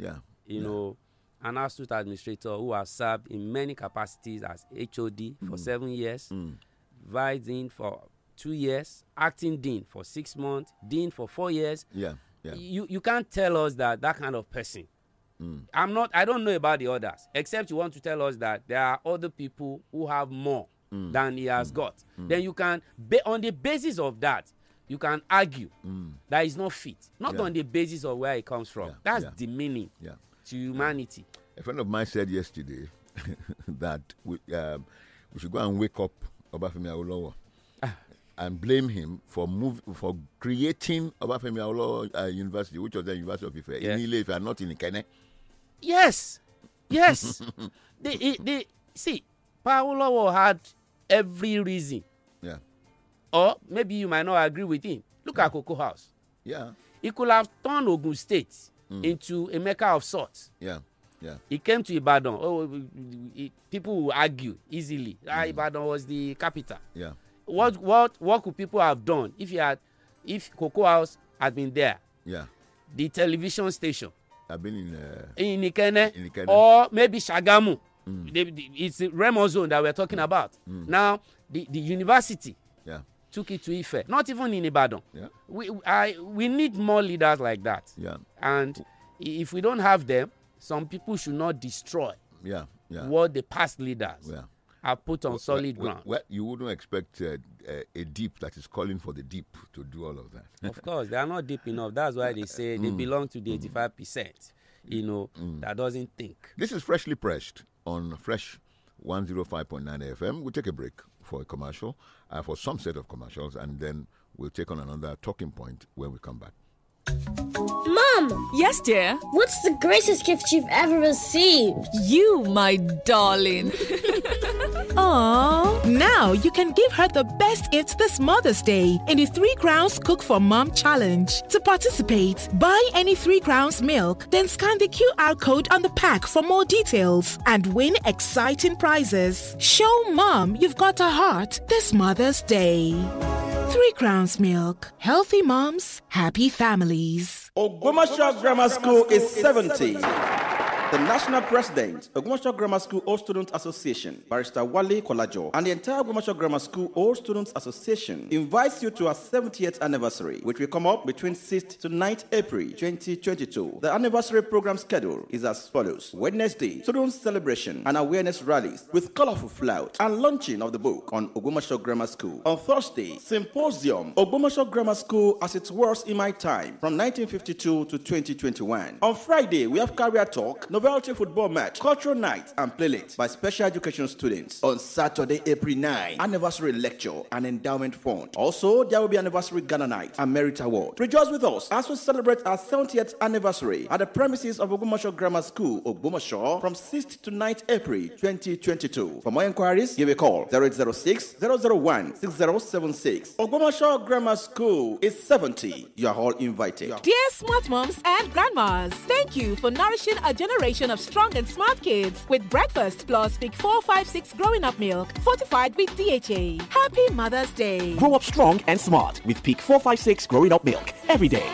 Yeah. You yeah. know, an astute administrator who has served in many capacities as HOD for mm. seven years, mm. vice dean for two years, acting dean for six months, dean for four years. Yeah. yeah. You you can't tell us that that kind of person. Mm. I'm not. I don't know about the others. Except you want to tell us that there are other people who have more mm. than he has mm. got. Mm. Then you can, on the basis of that, you can argue mm. that it's not fit, not yeah. on the basis of where it comes from. Yeah. That's yeah. the meaning to humanity. A friend of mine said yesterday that we, um, we should go and wake up Obafemi Awolowo ah. and blame him for move, for creating Obafemi Awolowo uh, University, which was the University of Ife, yeah. in Ile Ife and not in Ikene. Yes, yes. The the see, Paolowo had every reason or maybe you might not agree with him. Look at Cocoa House. Yeah. He could have turned Ogun State mm. into a mecca of sorts. Yeah. Yeah. He came to Ibadan. Oh, he, people will argue easily. Mm. Ah, hmm. Ibadan was the capital. Yeah. What what what could people have done if he had if Cocoa House had been there? Yeah. The television station. I've been in uh, in Ikene, in Ikene or maybe Shagamu. Mm. They, they, it's the Remo zone that we're talking hmm. about. Hmm. Now the the university. Yeah. took it to Ife, not even in Ibadan. Yeah. We, I, we need more leaders like that. Yeah. And if we don't have them, some people should not destroy yeah, yeah. what the past leaders yeah. have put on well, solid well, ground. Well, you wouldn't expect uh, uh, a deep that is calling for the deep to do all of that. of course, they are not deep enough. That's why they say they mm. belong to the 85%, mm. you mm. know, mm. that doesn't think. This is freshly pressed on Fresh 105.9 FM. We'll take a break for a commercial, uh, for some set of commercials, and then we'll take on another talking point when we come back. Mom! Yes, dear? What's the greatest gift you've ever received? You, my darling. Aww. Now you can give her the best gift this Mother's Day in the Three Crowns Cook for Mom Challenge. To participate, buy any Three Crowns milk, then scan the QR code on the pack for more details and win exciting prizes. Show Mom you've got a heart this Mother's Day. Three Crowns Milk. Healthy moms, happy families. Ogbomoso Grammar School is 70. The national president, Ogumosho Grammar School All Students Association, Barrister Wale Kolajo, and the entire Ogumosho Grammar School All Students Association invites you to our 70th anniversary, which will come up between 6th to 9th April 2022. The anniversary program schedule is as follows. Wednesday, students celebration and awareness rallies with colorful flout and launching of the book on Ogumosho Grammar School. On Thursday, symposium, Ogumosho Grammar School as it was in my time from 1952 to 2021. On Friday, we have career talk, novelty football match, cultural night, and playlist by special education students on Saturday, April 9. Anniversary lecture and endowment fund. Also, there will be anniversary Ghana night and merit award. Rejoice with us as we celebrate our 70th anniversary at the premises of Ogumosho Grammar School, Ogumosho, from 6th to 9th April 2022. For more inquiries, give a call 0806 001 6076. Ogumosho Grammar School is 70. You are all invited. Dear smart moms and grandmas, thank you for nourishing a generation generation of strong and smart kids with breakfast plus Peak 456 growing up milk fortified with DHA. Happy Mother's Day. Grow up strong and smart with Peak 456 growing up milk every day.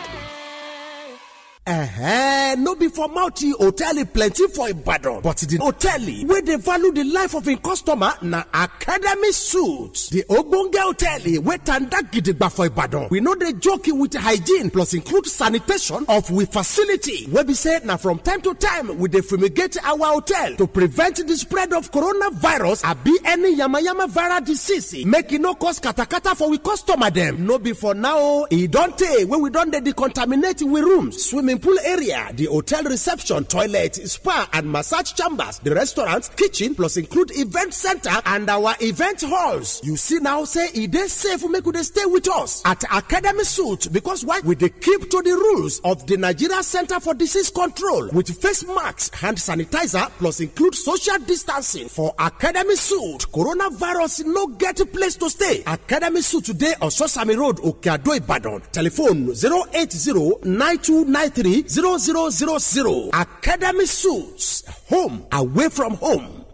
uh no be for mouthie hotel plenty for ibadan but the hotel wey dey value the life of im customer na academy suits di ogbonge hotel wey tanda gidigba for ibadan we no dey joke with hygiene plus include sanitation of we facility wey be say na from time to time we dey fumigate our hotel to prevent the spread of coronavirus abi any yamayama viral disease make e no cause katakata for we customer dem no be for now oh, e don tey wey we don dey decontaminate we rooms swimming swimming pool area, the hotel reception, toilet, spa and massage chambers, the restaurant, kitchen, plus include event center and our event halls. You see now, say it is safe make they stay with us at Academy Suit because why? We they keep to the rules of the Nigeria Center for Disease Control with face masks, hand sanitizer, plus include social distancing for Academy Suit. Coronavirus no get place to stay. Academy Suit today on Sosami Road, Okado Ibadan. Telephone 080 9293 three zero zero zero zero Academy Suits, home away from home.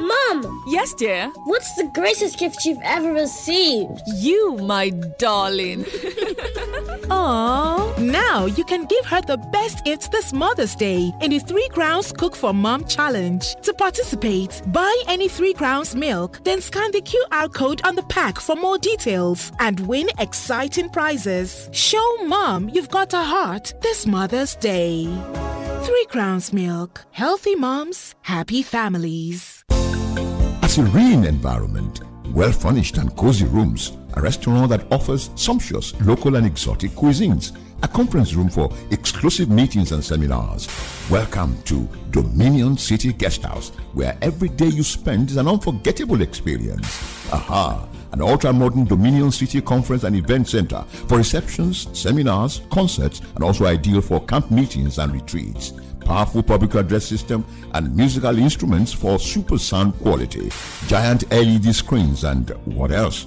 Mom! Yes, dear? What's the greatest gift you've ever received? You, my darling. Oh! Now you can give her the best gifts this Mother's Day in the Three Crowns Cook for Mom Challenge. To participate, buy any Three Crowns milk, then scan the QR code on the pack for more details and win exciting prizes. Show Mom you've got a heart this Mother's Day. Three Crowns Milk. Healthy moms, happy families serene environment, well furnished and cozy rooms, a restaurant that offers sumptuous local and exotic cuisines, a conference room for exclusive meetings and seminars. Welcome to Dominion City Guesthouse, where every day you spend is an unforgettable experience. Aha! An ultra modern Dominion City Conference and Event Center for receptions, seminars, concerts, and also ideal for camp meetings and retreats powerful public address system and musical instruments for super sound quality, giant LED screens and what else?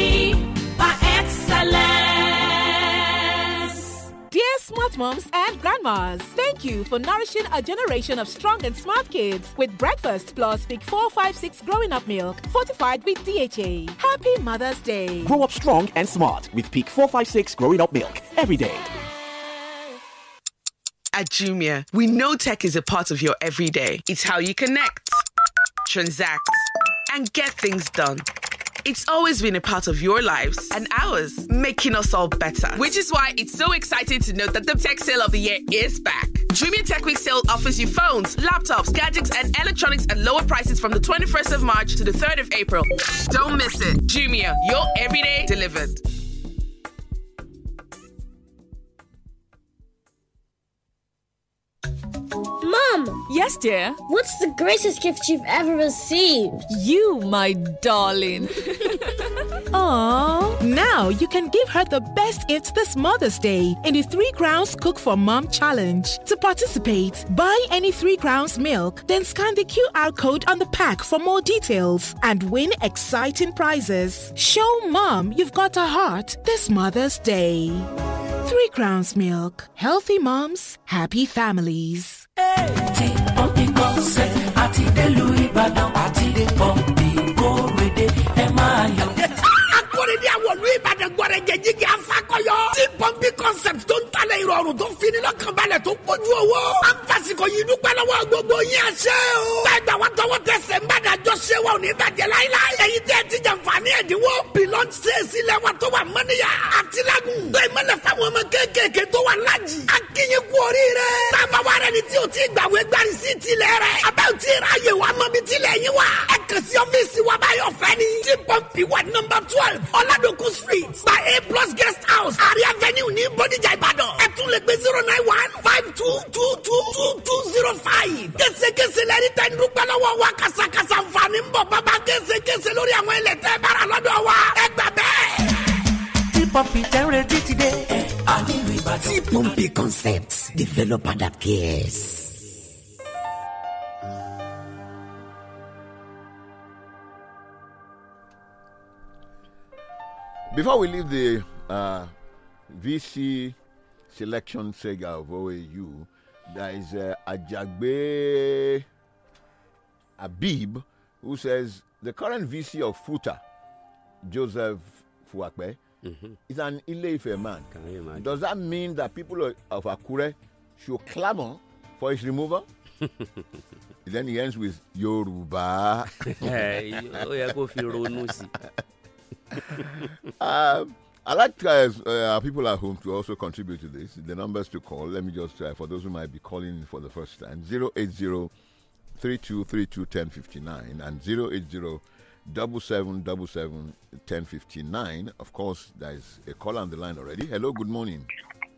smart moms and grandmas. Thank you for nourishing a generation of strong and smart kids with breakfast plus Peak 456 growing up milk fortified with DHA. Happy Mother's Day. Grow up strong and smart with Peak 456 growing up milk every day. At Jumia, we know tech is a part of your everyday. It's how you connect, transact, and get things done. It's always been a part of your lives and ours, making us all better. Which is why it's so exciting to note that the tech sale of the year is back. Jumia Tech Week sale offers you phones, laptops, gadgets, and electronics at lower prices from the 21st of March to the 3rd of April. Don't miss it. Jumia, your everyday delivered. Mom! Yes, dear? What's the greatest gift you've ever received? You, my darling. Aww. Now you can give her the best gift this Mother's Day in the Three Crowns Cook for Mom Challenge. To participate, buy any Three Crowns milk, then scan the QR code on the pack for more details and win exciting prizes. Show Mom you've got a heart this Mother's Day. Three Crowns Milk. Healthy moms, happy families. tí pọ́ǹpì concept àti délù ìbàdàn àti pọ́ǹpì kórèdè ẹ máa yọ. akórèdè àwọn olú ìbàdàn gbọ́dọ̀ jẹ́ jíjẹ́ afákọ̀yọ. tí pọ́ǹpì concept tó ń kalẹ̀ ìrọ̀rùn tó fini lọ́kànbalẹ̀ tó kojú owó. an fasikọ yìí dúpẹ́ lọ́wọ́ gbogbo yín àṣẹ o. bẹ́ẹ̀ gbà wá tọwọ́ tẹsẹ̀ ń bàdà jọ ṣe wa ní bàjẹ́ láíláí. èyí tẹ́ ẹ ti jàǹfààní ẹ̀dínwó. pilọ́n ṣe é sílẹ̀ wa tó wà mọ́níyà. àtìlágùn. bẹ́ẹ̀ mẹ́lẹ̀ fáwọn ọmọ kéékèèké tó wà lájì. a kì kú oríire. tábà wa rẹ wà nọ́mbà twelve ọ̀làdọ̀kù ẹ tún lè gbé zero nine one five two two two two two zero five. késekése lẹ́ni tẹ́ ń dúpẹ́ lọ́wọ́ wa kàṣàkàṣà nfààní ń bọ̀ bàbá késekése lórí àwọn ilẹ̀ tẹ́ bára lọ́dọ̀ wa ẹ gbà bẹ́ẹ̀. tí pọ́ǹpì tẹ́ ń retí dé. ẹ a nílò ìbàdàn. tí pọ́ǹpì developer that cares. Before we leave the uh, VC selection saga of OAU. There is uh, Ajagbe Abib who says the current VC of Futa, Joseph Fuakbe, mm -hmm. is an Ileife man. Does that mean that people of Akure should clamor for his removal? then he ends with Yoruba. um, I like guys, uh, people at home to also contribute to this. The numbers to call, let me just try for those who might be calling for the first time 080 and 080 Of course, there is a call on the line already. Hello, good morning.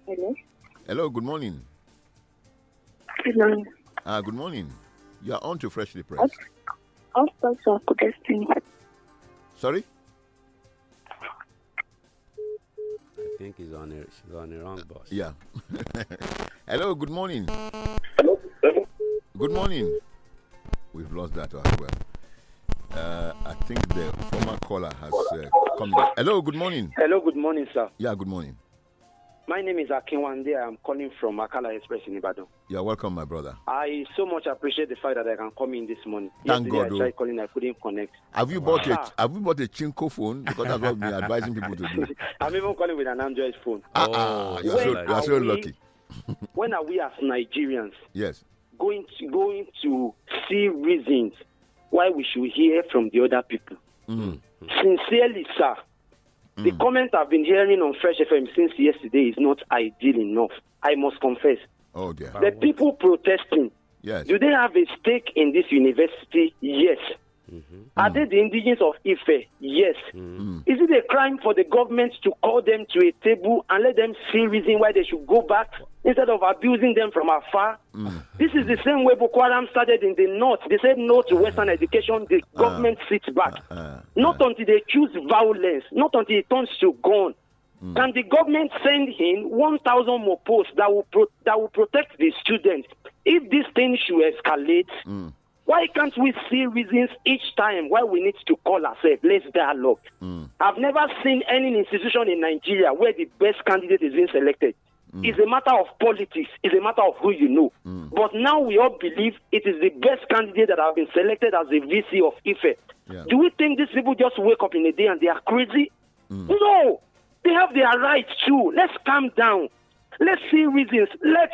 Hello. Hello, good morning. Good morning. Ah, good morning. You are on to Freshly Pressed. Sorry? think he's on her, she's on the wrong bus. Yeah. Hello, good morning. Hello. Good morning. We've lost that as well. Uh, I think the former caller has uh, come back. Hello, good morning. Hello, good morning, sir. Yeah, good morning. My name is Akinwande. I'm calling from Akala Express in Ibadan. You're welcome, my brother. I so much appreciate the fact that I can come in this morning. Thank Yesterday God. I oh. tried calling, I couldn't connect. Have you bought a ah. Have you bought a Chinko phone? Because that's what we're advising people to do. I'm even calling with an Android phone. Ah, ah, oh, you're, so, you're so lucky. when are we as Nigerians? Yes. Going to, going to see reasons why we should hear from the other people. Mm. Sincerely, sir. The mm. comments I've been hearing on Fresh FM since yesterday is not ideal enough. I must confess. Oh dear. The people protesting. Yes. Do they have a stake in this university? Yes. Mm-hmm. Are they the indigenous of Ife? Yes. Mm-hmm. Is it a crime for the government to call them to a table and let them see reason why they should go back instead of abusing them from afar? Mm-hmm. This is the same way Boko Haram started in the north. They said no to Western mm-hmm. education. The ah. government sits back. Ah, ah, not until they choose violence. Not until it turns to gun. Mm. Can the government send in 1,000 more posts that will pro- that will protect the students? If this thing should escalate, mm. Why can't we see reasons each time why we need to call ourselves? Let's dialogue. Mm. I've never seen any institution in Nigeria where the best candidate is being selected. Mm. It's a matter of politics, it's a matter of who you know. Mm. But now we all believe it is the best candidate that has been selected as the VC of IFE. Yeah. Do we think these people just wake up in a day and they are crazy? Hmm. No! They have their rights too. Let's calm down. Let's see reasons. Let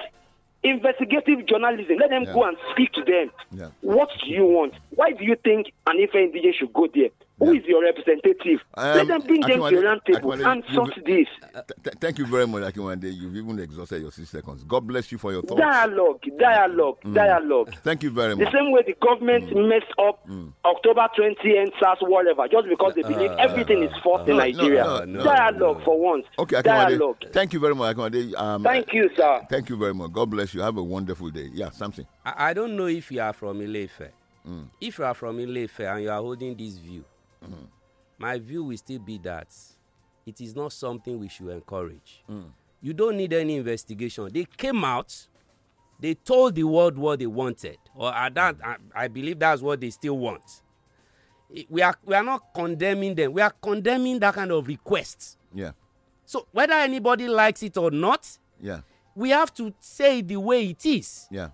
investigative journalism. Let them yeah. go and speak to them. Yeah. What do you want? Why do you think an Ife should go there? who yeah. is your representative? Um, Let them bring them to the round table and sort this. Uh, uh, th thank you very much, Akinwande. You've even exhausted your six seconds. God bless you for your thoughts. Dialogue, dialogue, mm. dialogue. Thank you very much. The same way the government mm. messed up mm. October 20 and SARS, whatever, just because they believe uh, everything uh, is forced in no, Nigeria. No, no, dialogue for once. Okay, dialogue. Thank you very much, Akinwande. Um, thank you, sir. Thank you very much. God bless you. Have a wonderful day. Yeah, something. I, I don't know if you are from Ilefe. Mm. If you are from Ilefe and you are holding this view, Mm. My view will still be that it is not something we should encourage. Mm. You don't need any investigation. They came out, they told the world what they wanted, or at that, I, I believe that's what they still want. We are we are not condemning them. We are condemning that kind of request. Yeah. So whether anybody likes it or not, yeah, we have to say the way it is. Yeah.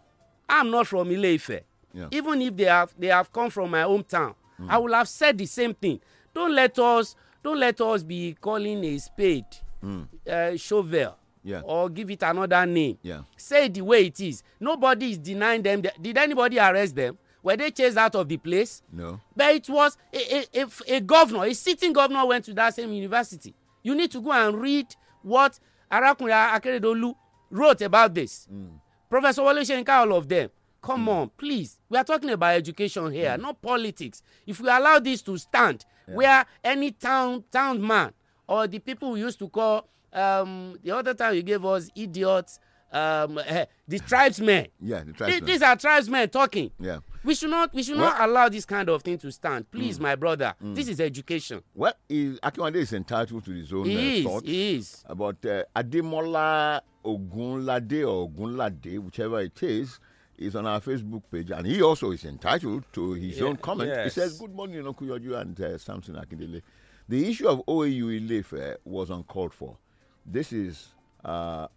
I'm not from Ileife. Yeah. Even if they have they have come from my hometown, mm. i would have said the same thing don't let us don't let us be calling a spade mm. uh, eh, shovel yeah. or give it another name yeah. say the way it is nobody is denying them did anybody arrest them were they chased out of the place no but it was a a a, a governor a sitting governor went to that same university you need to go and read what arakunrin akeredolu wrote about this mm. professor wole soyinka all of them Come hmm. on, please. We are talking about education here, hmm. not politics. If we allow this to stand, where any town town man or the people we used to call um, the other time you gave us idiots, um, eh, the tribesmen. Yeah, the tribesmen. These, these are tribesmen talking. Yeah. We should not we should well, not allow this kind of thing to stand. Please, mm, my brother, mm. this is education. Well, is, is entitled to his own uh, he uh, is, He is. About uh, Ademola Ogunlade or Ogunlade, whichever it is is on our Facebook page, and he also is entitled to his yeah, own comment. Yes. He says, Good morning, Uncle Yoju and uh, Samson Akindele. The issue of OAU Ilefe uh, was uncalled for. This is uh,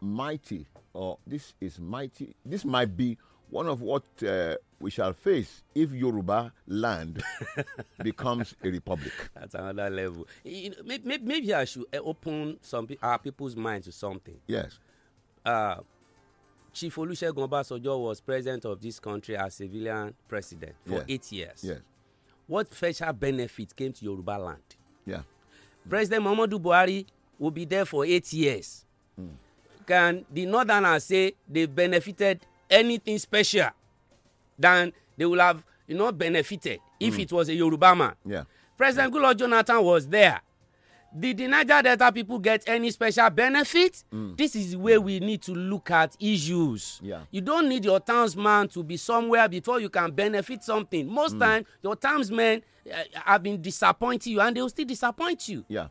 mighty, or this is mighty, this might be one of what uh, we shall face if Yoruba land becomes a republic. That's another level. You know, maybe, maybe, I should uh, open some our people's minds to something. Yes. Uh, Chief Olusegun Obasanjo was president of this country as civilian president for yeah. eight years. Yes. What special benefit came to Yoruba land? Yeah. President Muhammadu Buhari will be there for eight years. Mm. Can the Northerners say they benefited anything special than they will have you know, benefited if mm. it was a Yoruba man? Yeah. President yeah. Goodluck Jonathan was there did the niger delta people get any special benefit mm. this is where we need to look at issues yeah. you don't need your townsman to be somewhere before you can benefit something most mm. your townsmen uh, have been disappointing you and they will still disappoint you yeah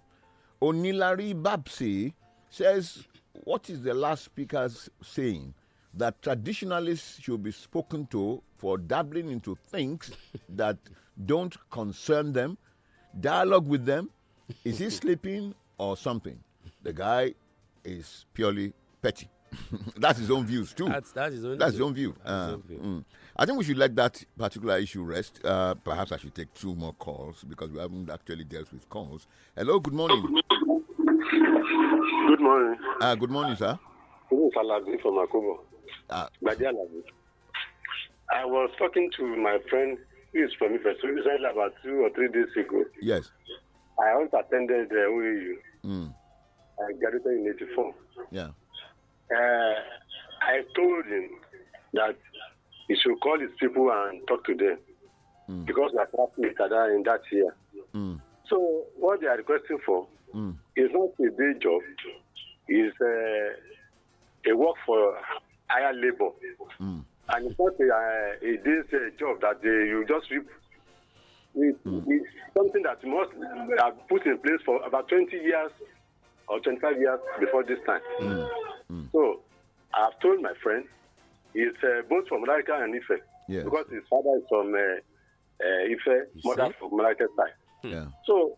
onilari babsi says what is the last speaker's saying that traditionalists should be spoken to for dabbling into things that don't concern them dialogue with them is he sleeping or something? The guy is purely petty. that's his own views too. That's, that's his own. That's view. his own view. Uh, his own view. Mm. I think we should let that particular issue rest. Uh, perhaps I should take two more calls because we haven't actually dealt with calls. Hello. Good morning. Good morning. Uh, good morning, sir. This is Alabi from Akubo. Uh, I was talking to my friend who is from Ifeso about two or three days ago. Yes. I once attended uh, OAU. Mm. I graduated in 84. Yeah. Uh, I told him that he should call his people and talk to them mm. because they are classmates that in that year. Mm. So what they are requesting for mm. is not a day job, It's a, uh, a work for higher labor. Hmm. And it's not a, uh, a day uh, job that they, you just reap mm. something that must have put in place for about 20 years or 25 years before this time. Mm. Mm. So I've told my friend, he's uh, both from Malaika and Ife, yes. because his father is from uh, uh, Ife, you mother see? from Malaika side. Hmm. Yeah. So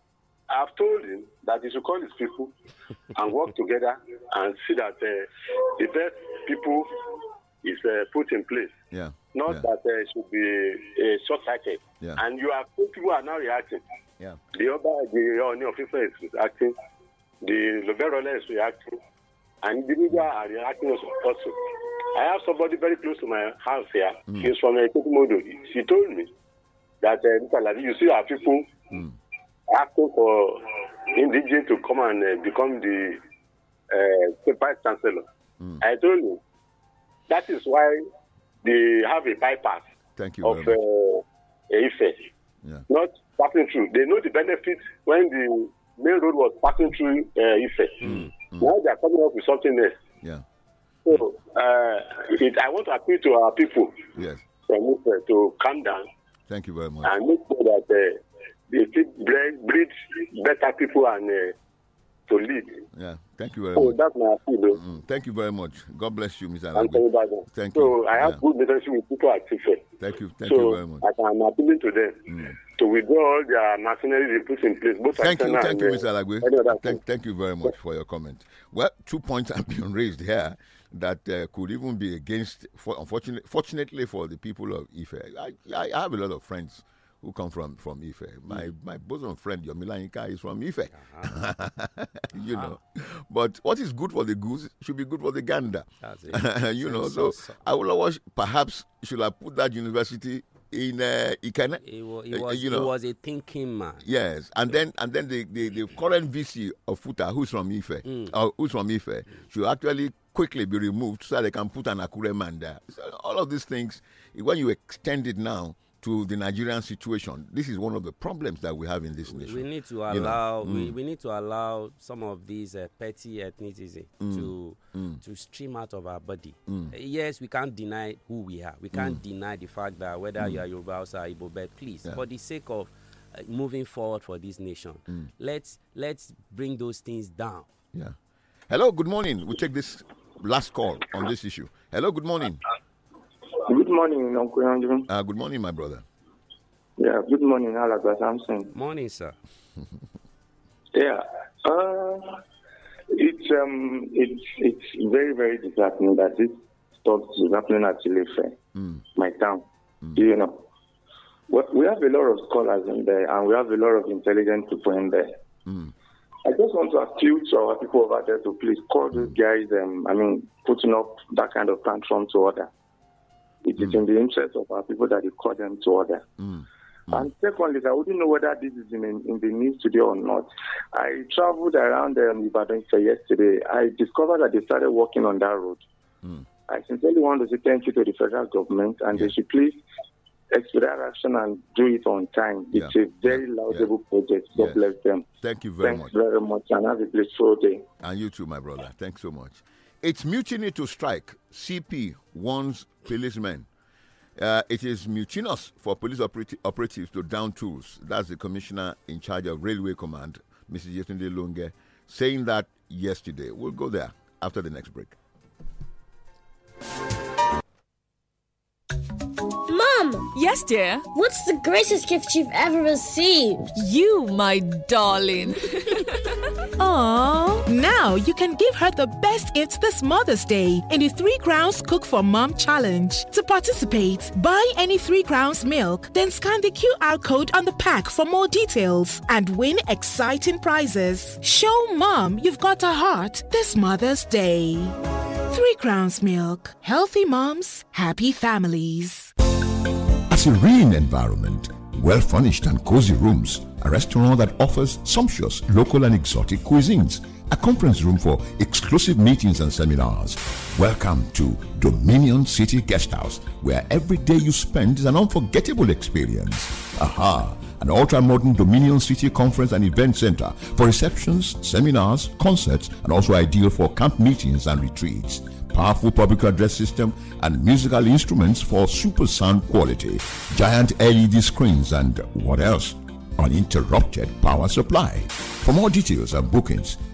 I've told him that he should call his people and work together and see that uh, the best people is uh, put in place. Yeah. Not yeah. that uh, there should be uh, short sighted. Yeah. And you are people are now reacting. Yeah. The other the uh, is acting. The Loverola is reacting. And the media are reacting also. I have somebody very close to my house here. Mm. He's from Ekotimodo. She told me that uh, you see our people mm. asking for indigenous to come and uh, become the uh, vice chancellor. Mm. I told you that is why they have a bypass. Thank you. Of uh, Ife. Yeah. Not passing through. They know the benefit when the main road was passing through uh, Ife. Mm, mm. Now they are coming up with something else. Yeah. So uh, it, I want to appeal to our people. Yes. From Ife to calm down. Thank you very much. And make sure that uh, they keep breed better people and uh, to lead. Yeah. Thank you very oh, much. that's my appeal. Eh? Mm, thank you very much. God bless you, Mr. Alabi. Eh? Thank you. So I have yeah. good relationship with people at Tife. Thank you. Thank so you very much. I'm appealing to them mm. to withdraw all their machinery they put in place. Both thank you. Thank you, eh, Mr. Alagwe. Thank, thank you very much for your comment. Well, two points have been raised here that uh, could even be against, for, unfortunately, fortunately for the people of Ife. I, I have a lot of friends who come from from Ife. My mm. my bosom friend Yomila Inka is from Ife. Uh-huh. uh-huh. you know, but what is good for the goose should be good for the gander. you know, so, so, I will always perhaps should I put that university in uh, It uh, was, was, uh, you know, was a thinking man. Yes, and so. then and then the, the, the current VC of Futa, who's from Ife, mm. or uh, who's from Ife, mm. should actually quickly be removed so they can put an Akure man there. So all of these things, when you extend it now, to the Nigerian situation. This is one of the problems that we have in this nation. We need to allow you know? mm. we, we need to allow some of these uh, petty ethnicities mm. to mm. to stream out of our body. Mm. Uh, yes, we can't deny who we are. We can't mm. deny the fact that whether mm. you are Yoruba or Igbo, but please, yeah. for the sake of uh, moving forward for this nation, let's let's bring those things down. Yeah. Hello. Good morning. We we'll take this last call on this issue. Hello. Good morning. Uh, Good morning, Uncle Andrew. Uh, good morning, my brother. Yeah, good morning, Alaba Samson. Morning, sir. yeah, uh, it's um, it's it's very very disheartening that this stuff is happening at Ilefe, mm. my town. Mm. Do you know? We have a lot of scholars in there, and we have a lot of intelligent people in there. Mm. I just want to appeal to our people over there to please call these hmm. guys. Um, I mean, putting up that kind of tantrum to order. It mm. is hmm. in the interest of our people that you call them to order. Mm. And secondly, I wouldn't know whether this is in, in the news today or not. I traveled around the um, Ibadan yesterday. I discovered that they started working on that road. Mm. I sincerely want to say thank you to the federal government, and yeah. they should please expedite action and do it on time. Yeah. It's a very yeah. laudable project. God bless them. Thank you very Thanks much. Thanks very much, and have a blessed day. And you too, my brother. Thanks so much. It's mutiny to strike. CP warns policemen. Uh, it is mutinous for police operati operatives to down tools. That's the commissioner in charge of Railway Command, Mrs. Yetunde Lunge, saying that yesterday. We'll go there after the next break. Yes, dear. What's the greatest gift you've ever received? You, my darling. Aww. Now you can give her the best gifts this Mother's Day in the Three Crowns Cook for Mom Challenge. To participate, buy any Three Crowns milk, then scan the QR code on the pack for more details and win exciting prizes. Show mom you've got a heart this Mother's Day. Three Crowns Milk. Healthy moms, happy families serene environment, well furnished and cozy rooms, a restaurant that offers sumptuous local and exotic cuisines, a conference room for exclusive meetings and seminars. Welcome to Dominion City Guesthouse, where every day you spend is an unforgettable experience. Aha! An ultra modern Dominion City Conference and Event Center for receptions, seminars, concerts, and also ideal for camp meetings and retreats powerful public address system, and musical instruments for super sound quality, giant LED screens, and what else? Uninterrupted power supply. For more details and bookings,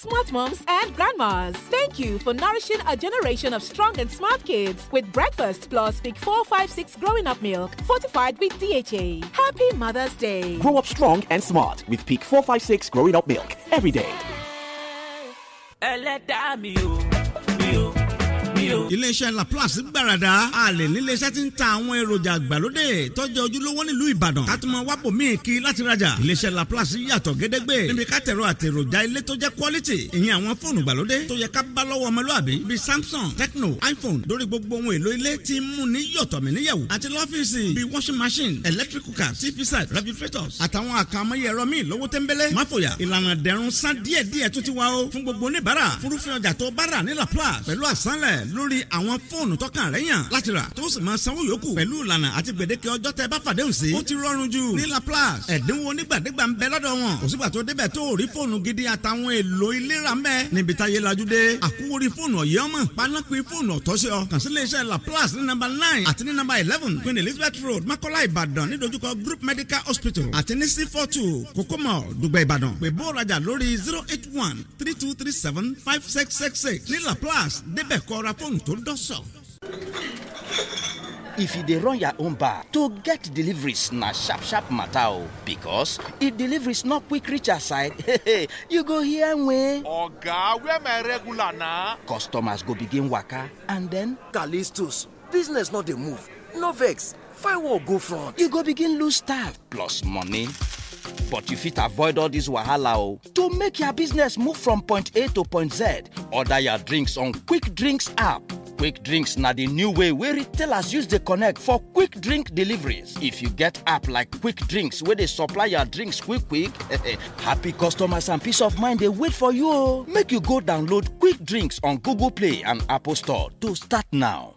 smart moms, and grandmas. Thank you for nourishing a generation of strong and smart kids with breakfast plus Big 456 growing up milk fortified with DHA. Happy Mother's Day. Grow up strong and smart with Peak 456 growing up milk every day. mi o. iléeṣẹ́ laplace gbàràdà alẹ́ níléeṣẹ́ ti ń ta àwọn èròjà àgbàlódé tọ́jú ojúlówó nílùú ìbàdàn kátùmọ̀ wábò míì kí láti rajà iléeṣẹ́ laplace yàtọ̀ gédégbé níbi kátẹ̀rọ àtèròjà ilé tó jẹ́ quality ìyẹn àwọn fóònù gbàlódé tó yẹ ká bá lọ́wọ́ ọmọlúàbí bíi samsung tecno iphone dórí gbogbo ohun èlò ilé ti ń mú ní yọ̀tọ̀ mí níyàwó àti lọ́fíìsì bíi washing machine electrical car, tv set refrigerators àtàwọn àkàmọ́yẹ ẹ̀rọ míì lówó tẹ́ńbẹ́lẹ́ má fòyà ìlànà dẹ̀rùn san díẹ̀díẹ̀ tó ti wá o fún gbogbo oníbàárà fúrúfin ọjà tó bá rà ní laplace pẹ̀lú àsánlẹ̀ lórí àwọn fóònù tọ́kàn rẹ̀ yàn láti rà tó sì máa sanwó yòókù pẹ̀lú ìlànà àti gbèdéke ọjọ́ tẹ bá fàdéhùn sí. ó ti rọrùn jù ní Laplace ẹ̀dínwó onígbàdégbà ń bẹ lọ́dọ̀ wọn kò sígbà tó débẹ̀ tó rí fóònù gidi àtàwọn èlò ìlera mẹ́. níbi táyé lajú dé àkúwórí fóònù ọ̀yẹ́ ọmọ panápin fóònù ọ̀tọ́ṣẹ́ kàn sí iléeṣẹ́ Laplace ní nọ́mbà nine àti ní eleven Queen Elizabeth Road Makola Ìbàdàn nídojúkọ Group Medical Hospital àti ní c four two kokomo Dùgbẹ̀ Ìbàdàn pè bó zero eight one three two three seven five six six six ní Laplace débẹ̀ kọ́ra London tó dọ́sọ̀. if you dey run your own bar to get deliveries na sharp sharp matter o because if deliveries no quick reach your side you go hear wey. oga where my regular na. customers go begin waka and then. callistus business no dey move no vex firewall go front. you go begin lose staff plus money. But you fit avoid all this wahala oh. to make your business move from point A to point Z. Order your drinks on Quick Drinks app. Quick Drinks na the new way where retailers use the Connect for quick drink deliveries. If you get app like Quick Drinks where they supply your drinks quick quick, happy customers and peace of mind they wait for you. Oh. Make you go download Quick Drinks on Google Play and Apple Store to start now.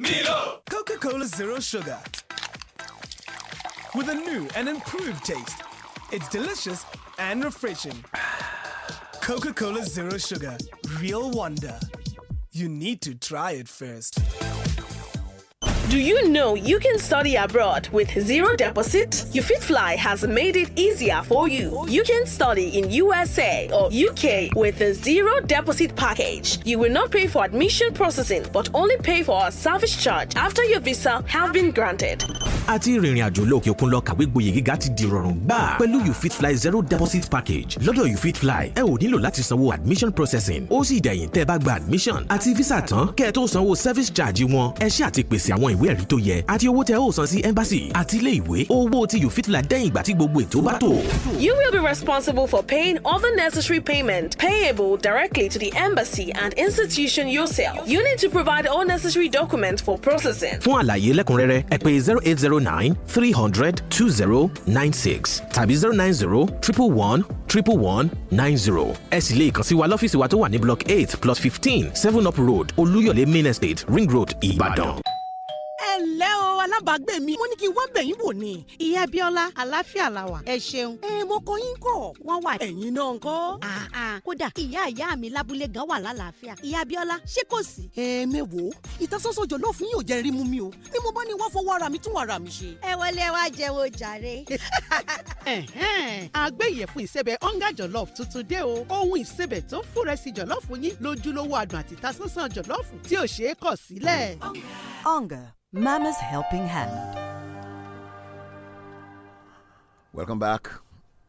Milo! Coca Cola Zero Sugar. With a new and improved taste. It's delicious and refreshing. Coca Cola Zero Sugar. Real wonder. You need to try it first. Do you know you can study abroad with zero deposit? UfitFly has made it easier for you. You can study in USA or UK with a zero deposit package. You will not pay for admission processing but only pay for a service charge after your visa have been granted. àti ìrìnrìn àjò lóòkè òkun lọ kàwé gboyè gíga ti di rọrùn gbà pẹ̀lú UfitFly zero deposit package lọ́dọ̀ UfitFly ẹ ò nílò láti sanwó admission processing ó sì dẹ̀yìn tẹ́ bá gba admission àti visa tán kẹ́ ẹ tó sanwó service charge wọn ẹ ṣe àti pèsè àwọn ìwé ìwé ẹ̀rí tó yẹ àti owó tẹ ó san sí embassy àti ilé ìwé owó tí you fit la dẹ́yìn ìgbà tí gbogbo ètò bá tò. You will be responsible for paying all the necessary payment payable directly to the embassy and institution yourself. You need to provide all necessary documents for processing. Fún àlàyé lẹ́kùnrẹ́rẹ́ ẹ pè zero eight zero nine three hundred two zero nine six tàbí zero nine zero triple one triple one nine zero. ẹ sì lè kàn sí wa lọ́fíìsì wa tó wà ní block eight plus fifteen seven up road olúyọ̀lé main estate ring road ìbàdàn ǹlẹ́ o alábàágbé mi mo ní kí n wá bẹ̀yìn wò ni. ìyá bíọ́lá àláfíà la wà ẹ ṣeun. ẹ mo kọ yín kọ wọn wà ẹ̀yin náà ńkọ́. kódà ìyá ìyá mi lábúlé gan wà lálàáfíà ìyá bíọ́lá ṣé kò sí. ẹ mẹ́wòó ìtasọ́sọ́ jọ lọ́ọ̀fù yóò jẹ́ rímú mi o ni mo bá ní wá fọwọ́ ara mi tún ara mi ṣe. ẹ wọlé wá jẹ́wọ́ jàre. àgbẹ̀yẹ̀fun ìsẹ̀bẹ̀ ọ̀ngá jọ̀lọ́ọ̀fù tuntun dé o ohun ìsẹ̀bẹ̀ tó fúnrẹ́sì jọ̀lọ́ọ̀fù yín lójúlówó adùn àti ìtasọ́sọ́ jọ̀lọ́ọ̀fù tí ò ṣeé kọ̀ sílẹ̀. ọ̀ngá Mama's Helping Hand. Welcome back.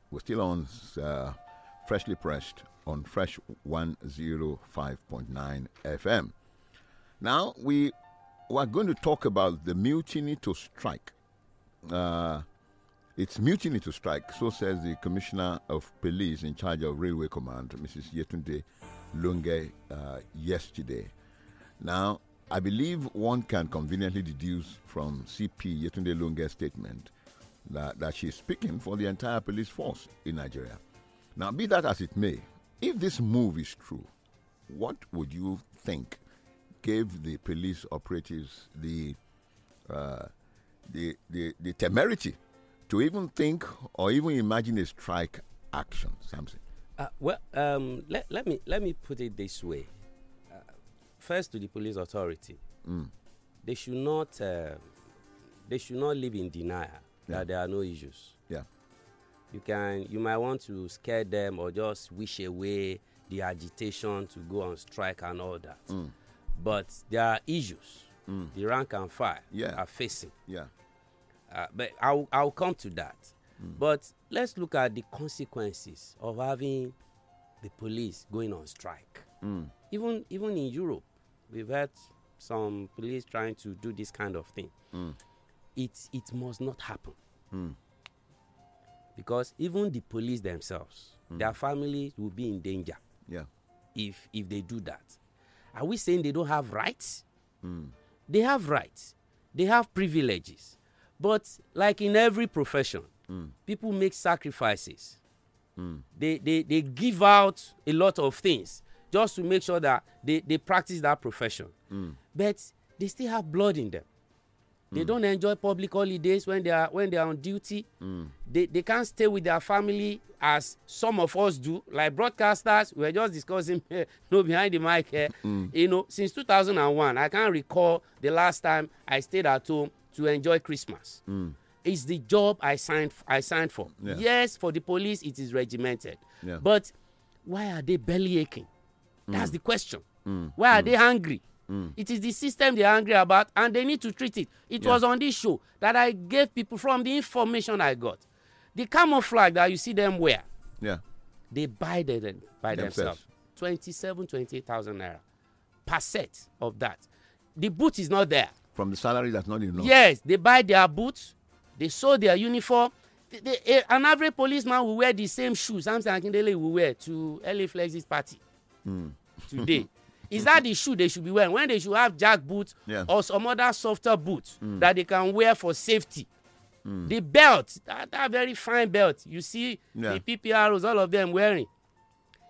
We're still on uh, Freshly Pressed on Fresh 105.9 FM. Now we are going to talk about the mutiny to strike. Uh, it's mutiny to strike, so says the Commissioner of Police in charge of Railway Command, Mrs. Yetunde Lunge, uh, yesterday. Now, I believe one can conveniently deduce from CP Yetunde Lunge's statement that, that she's speaking for the entire police force in Nigeria. Now, be that as it may, if this move is true, what would you think gave the police operatives the, uh, the, the, the temerity to even think or even imagine a strike action, Samson? Uh, well, um, let, let, me, let me put it this way first to the police authority. Mm. They should not uh, they should not live in denial yeah. that there are no issues. Yeah. You can you might want to scare them or just wish away the agitation to go on strike and all that. Mm. But there are issues mm. the rank and file yeah. are facing. Yeah. Uh, but I'll, I'll come to that. Mm. But let's look at the consequences of having the police going on strike. Mm. Even even in Europe, We've had some police trying to do this kind of thing. Mm. It, it must not happen. Mm. Because even the police themselves, mm. their families will be in danger. Yeah. If if they do that. Are we saying they don't have rights? Mm. They have rights. They have privileges. But like in every profession, mm. people make sacrifices. Mm. They, they, they give out a lot of things just to make sure that they, they practice that profession. Mm. But they still have blood in them. They mm. don't enjoy public holidays when they are when they are on duty. Mm. They, they can't stay with their family as some of us do. Like broadcasters, we are just discussing no behind the mic here. Eh? Mm. You know, since 2001, I can't recall the last time I stayed at home to enjoy Christmas. Mm. It's the job I signed I signed for. Yeah. Yes, for the police it is regimented. Yeah. But why are they belly aching? That's mm. the question. Mm. Why are mm. they angry? It is the system they're angry about, and they need to treat it. It yeah. was on this show that I gave people from the information I got. The camouflage that you see them wear, yeah, they buy them by themselves. themselves. 27, 28,000 naira per set of that. The boot is not there. From the salary that's not enough. Yes, they buy their boots, they sew their uniform. They, they, an average policeman will wear the same shoes Samson Akindele will wear to LA Flex's party. Mm. today. Is that the shoe they should be wearing? When they should have jack boots yeah. or some other softer boots mm. that they can wear for safety. Mm. The belt, that, that very fine belt, you see yeah. the PPRs, all of them wearing.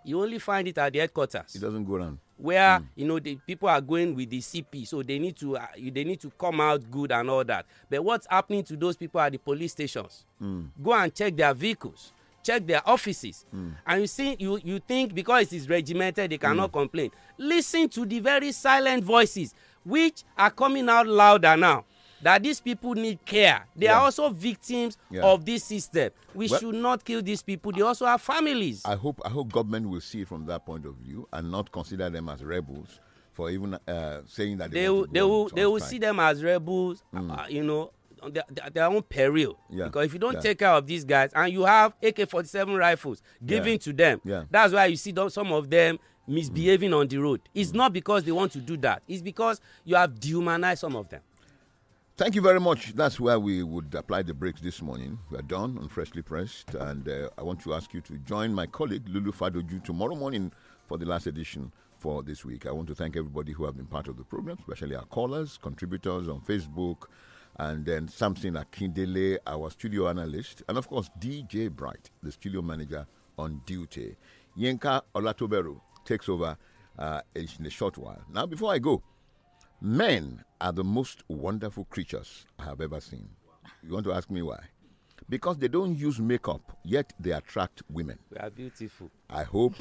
You only find it at the headquarters. It doesn't go around. Where mm. you know the people are going with the CP, so they need to uh, they need to come out good and all that. But what's happening to those people at the police stations? Hmm. Go and check their vehicles check their offices mm. and you see you you think because it is regimented they cannot mm. complain listen to the very silent voices which are coming out louder now that these people need care they yeah. are also victims yeah. of this system we well, should not kill these people they also have families. i hope i hope government will see it from that point of view and not consider them as rebels for even uh, saying that they, they will they will, they will see them as rebels mm. uh, you know on their, their own peril. Yeah. Because if you don't yeah. take care of these guys and you have AK 47 rifles given yeah. to them, yeah. that's why you see some of them misbehaving mm. on the road. It's mm. not because they want to do that, it's because you have dehumanized some of them. Thank you very much. That's where we would apply the brakes this morning. We are done and freshly pressed. And uh, I want to ask you to join my colleague Lulu Fadoju tomorrow morning for the last edition for this week. I want to thank everybody who have been part of the program, especially our callers, contributors on Facebook, and then Samson Akindele, our studio analyst, and of course DJ Bright, the studio manager on duty. Yenka Olatoberu takes over uh, in a short while. Now, before I go, men are the most wonderful creatures I have ever seen. You want to ask me why? because they don't use makeup yet they attract women we are beautiful i hope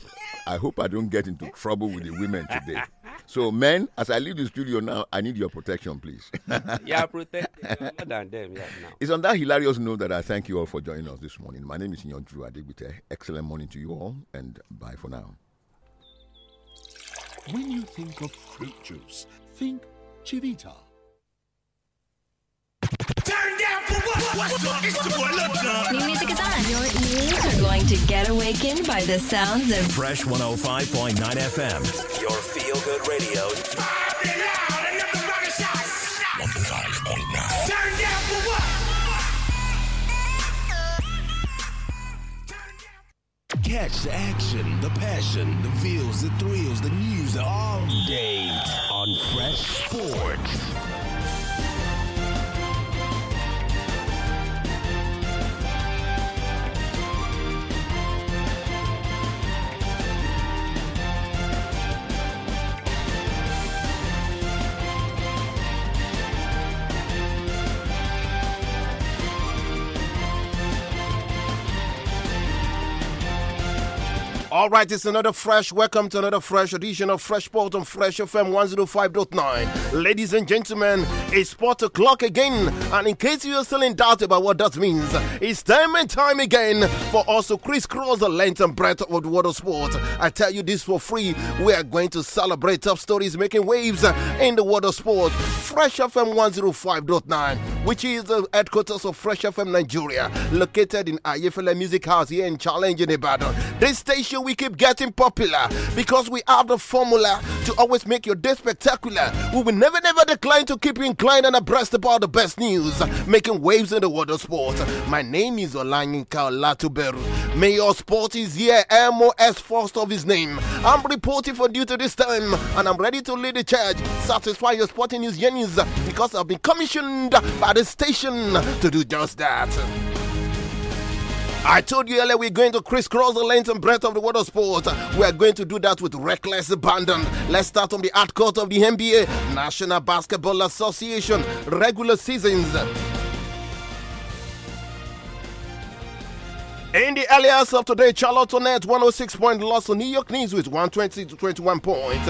i hope i don't get into trouble with the women today so men as i leave the studio now i need your protection please yeah protect more than them yeah, now. it's on that hilarious note that i thank you all for joining us this morning my name is Nyon drew adigbite excellent morning to you all and bye for now when you think of fruit juice think chivita New music is on. Your ears are going to get awakened by the sounds of Fresh 105.9 FM. Your feel good radio. 105.9. Catch the action, the passion, the feels, the thrills, the news all day on Fresh Sports. All right, it's another fresh. Welcome to another fresh edition of Fresh on Fresh FM 105.9. Ladies and gentlemen, it's 4 o'clock again. And in case you're still in doubt about what that means, it's time and time again for us to crisscross the length and breadth of the world of sport. I tell you this for free. We are going to celebrate top stories making waves in the world of sport. Fresh FM 105.9, which is the headquarters of Fresh FM Nigeria, located in Ayefele Music House here in Challenge in Ibadan. This station we keep getting popular because we have the formula to always make your day spectacular. We will never, never decline to keep you inclined and abreast about the best news, making waves in the world of sports. My name is Olanyinka Latuberu. May your sport is here, MOS first of his name. I'm reporting for duty this time, and I'm ready to lead the charge. Satisfy your sporting news yearnings because I've been commissioned by the station to do just that. I told you earlier we're going to crisscross the length and breadth of the world of sport. We are going to do that with reckless abandon. Let's start on the art court of the NBA, National Basketball Association, regular seasons. In the early hours of today, Charlotte Hornets 106 point loss to New York Knicks with 120 to 21 points.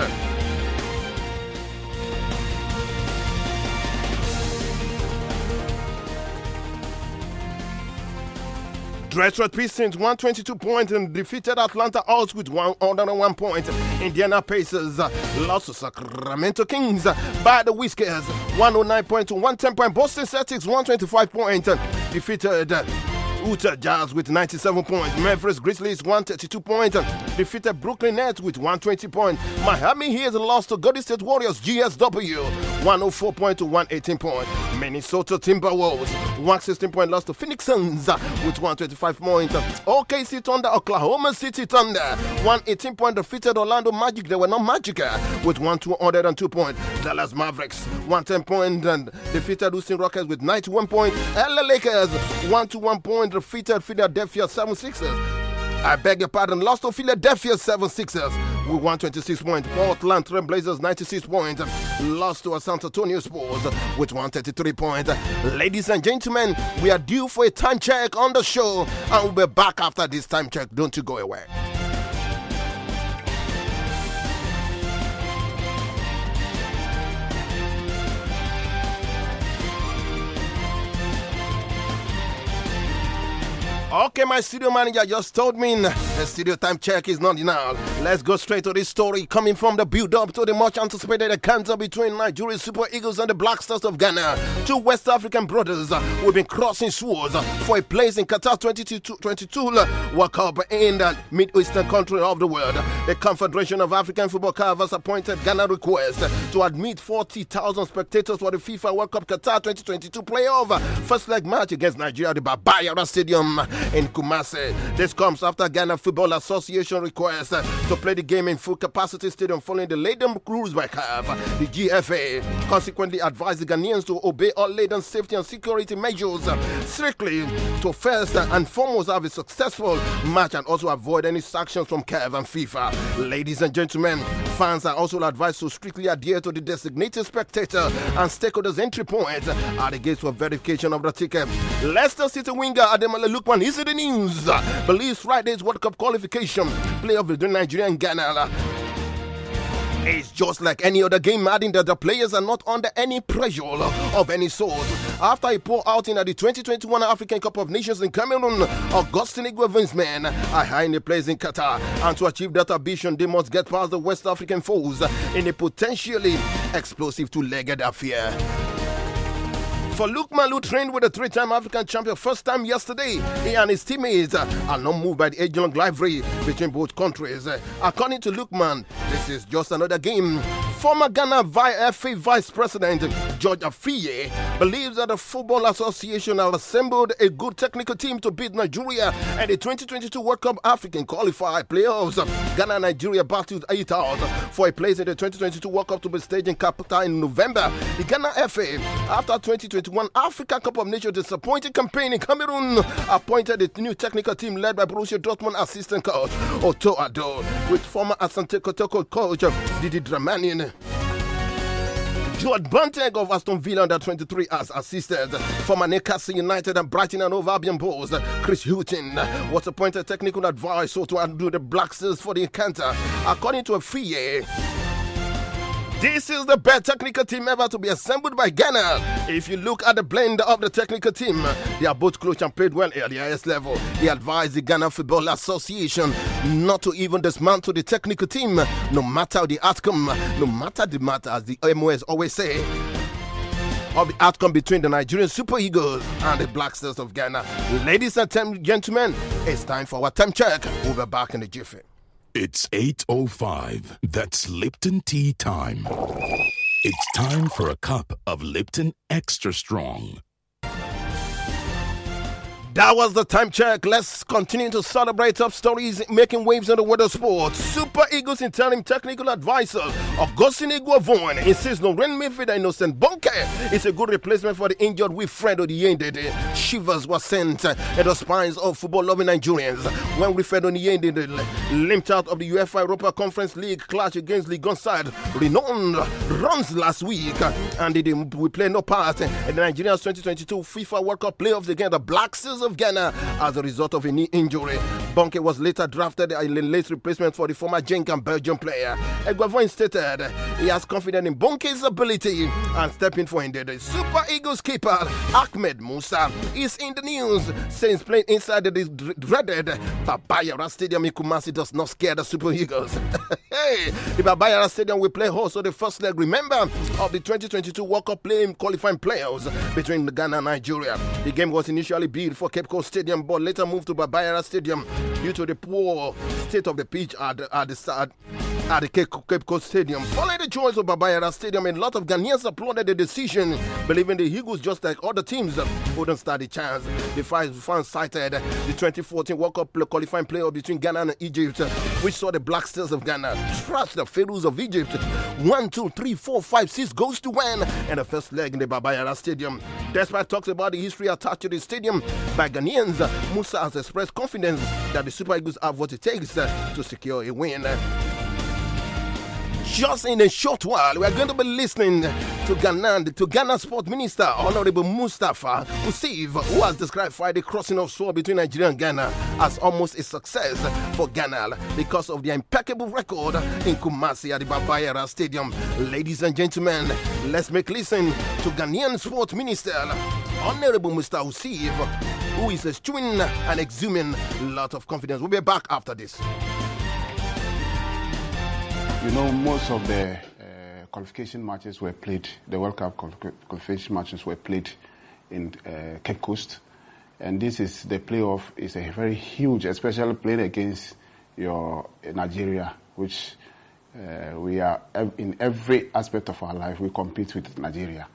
Detroit Pistons 122 points and defeated Atlanta Hawks with 101 points. Indiana Pacers uh, lost to Sacramento Kings by the Whiskers 109 points to 110 points. Boston Celtics 125 points defeated uh, Utah Jazz with 97 points. Memphis Grizzlies 132 points. Defeated Brooklyn Nets with 120 points. Miami Heat lost to Golden State Warriors GSW 104 points to 118 points. Minnesota Timberwolves 116 points lost to Phoenix Suns with 125 points. OKC Thunder Oklahoma City Thunder 118 points defeated Orlando Magic. They were not Magic uh, with 102 points. Dallas Mavericks 110 point points and defeated Houston Rockets with 91 points. LA Lakers 121 points and defeated Philadelphia 76ers. I beg your pardon, lost to Philadelphia 76ers with 126 points. Portland Trail Blazers 96 points. Lost to San Antonio Spurs with 133 points. Ladies and gentlemen, we are due for a time check on the show and we'll be back after this time check. Don't you go away. Okay, my studio manager just told me the studio time check is not enough. Let's go straight to this story coming from the build up to the much anticipated encounter between Nigeria Super Eagles and the Black Stars of Ghana. Two West African brothers uh, who've been crossing swords uh, for a place in Qatar 2022 uh, World Cup in the Mid Eastern country of the world. The Confederation of African Football Carvers appointed Ghana request to admit 40,000 spectators for the FIFA World Cup Qatar 2022 playoff first leg match against Nigeria at the Barbayara Stadium in Kumase, This comes after Ghana Football Association requests to play the game in full capacity stadium following the laden rules by CAF. The GFA consequently advised the Ghanaians to obey all laden safety and security measures strictly to first and foremost have a successful match and also avoid any sanctions from CAF and FIFA. Ladies and gentlemen, fans are also advised to strictly adhere to the designated spectator and stakeholders entry points at the gates for verification of the ticket. Leicester City winger Adam Lukman is the news? Police Friday's World Cup qualification playoff between Nigeria and Ghana. Uh, it's just like any other game, adding that the players are not under any pressure uh, of any sort. After a poor outing at the 2021 African Cup of Nations in Cameroon, Augustine Iguavin's men are high in the place in Qatar. And to achieve that ambition, they must get past the West African foes in a potentially explosive two-legged affair. For Luke Malu, trained with the three time African champion first time yesterday, he and his teammates uh, are not moved by the age long rivalry between both countries. Uh, according to Luke Man, this is just another game former Ghana FA Vice President George Afiye believes that the Football Association have assembled a good technical team to beat Nigeria at the 2022 World Cup African qualifier playoffs. Ghana and Nigeria battled eight out for a place in the 2022 World Cup to be staged in capital in November. The Ghana FA, after 2021 one Africa Cup of Nations disappointing campaign in Cameroon appointed its new technical team led by Borussia Dortmund assistant coach Otto Adol with former Asante Kotoko coach Didi Dramanian. Stuart Bunting of Aston Villa under 23 has assisted. Former Newcastle United and Brighton and Hove Albion boss Chris Hutton was appointed technical advisor to undo the Black Seals for the encounter, according to a FIA. This is the best technical team ever to be assembled by Ghana. If you look at the blend of the technical team, they are both close and played well at the highest level. They advised the Ghana Football Association not to even dismantle the technical team, no matter the outcome, no matter the matter, as the MOS always say of the outcome between the Nigerian Super Eagles and the Black Stars of Ghana. Ladies and gentlemen, it's time for our time check. We'll be back in a jiffy. It's 8.05. That's Lipton tea time. It's time for a cup of Lipton Extra Strong. That was the time check. Let's continue to celebrate top stories making waves in the world of sports. Super Eagles interim technical advisor Augustine Iguavoin insists Noren Mifida Innocent Bonke is a good replacement for the injured with Fred Odiyendede. Shivers was sent at the spines of football-loving Nigerians when end Odiyendede limped out of the UEFA Europa Conference League clash against Ligon side Renowned runs last week and we play no part in the Nigeria's 2022 FIFA World Cup playoffs against the Black Seals of Ghana as a result of a knee injury. Bonke was later drafted as a late replacement for the former Jenkan Belgian player. Egwavon stated he has confidence in Bonke's ability and stepping for him. The Super Eagles keeper Ahmed Musa is in the news since playing inside the dreaded Babayara Stadium in Kumasi does not scare the Super Eagles. hey, the Babayara Stadium will play host to the first leg, remember, of the 2022 World Cup playing qualifying playoffs between Ghana and Nigeria. The game was initially billed for Cape Coast Stadium but later moved to Babayara Stadium due to the poor state of the pitch at, at the start at the Cape Coast Stadium. Following the choice of Babayara Stadium, a lot of Ghanaians applauded the decision, believing the Eagles, just like other teams, wouldn't stand a chance. The fans cited the 2014 World Cup qualifying playoff between Ghana and Egypt, which saw the Black Stars of Ghana thrash the Pharaohs of Egypt. One, two, three, four, five, six goes to win in the first leg in the Babayara Stadium. Despite talks about the history attached to the stadium by Ghanaians, Musa has expressed confidence that the Super Eagles have what it takes to secure a win. Just in a short while, we are going to be listening to Ghana, to Ghana Sport Minister Honorable Mustafa Usif, who has described Friday crossing of swords between Nigeria and Ghana as almost a success for Ghana because of their impeccable record in Kumasi at the Babayara Stadium. Ladies and gentlemen, let's make listen to Ghanaian Sport Minister Honorable Mustafa Usif, who is eschewing and exhuming lot of confidence. We'll be back after this. You know, most of the uh, qualification matches were played, the World Cup qualification matches were played in uh, Cape Coast. And this is the playoff is a very huge, especially played against your uh, Nigeria, which uh, we are in every aspect of our life we compete with Nigeria.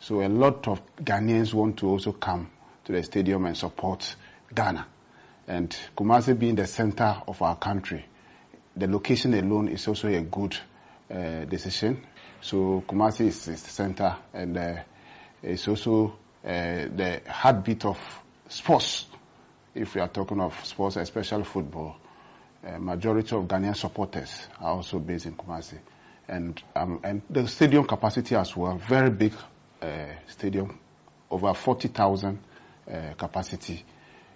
So a lot of Ghanaians want to also come to the stadium and support Ghana. And Kumasi being the center of our country, the location alone is also a good uh, decision. So Kumasi is, is the center and uh, it's also uh, the heartbeat of sports. If we are talking of sports, especially football, uh, majority of Ghanaian supporters are also based in Kumasi. And, um, and the stadium capacity as well, very big uh, stadium, over 40,000 uh, capacity.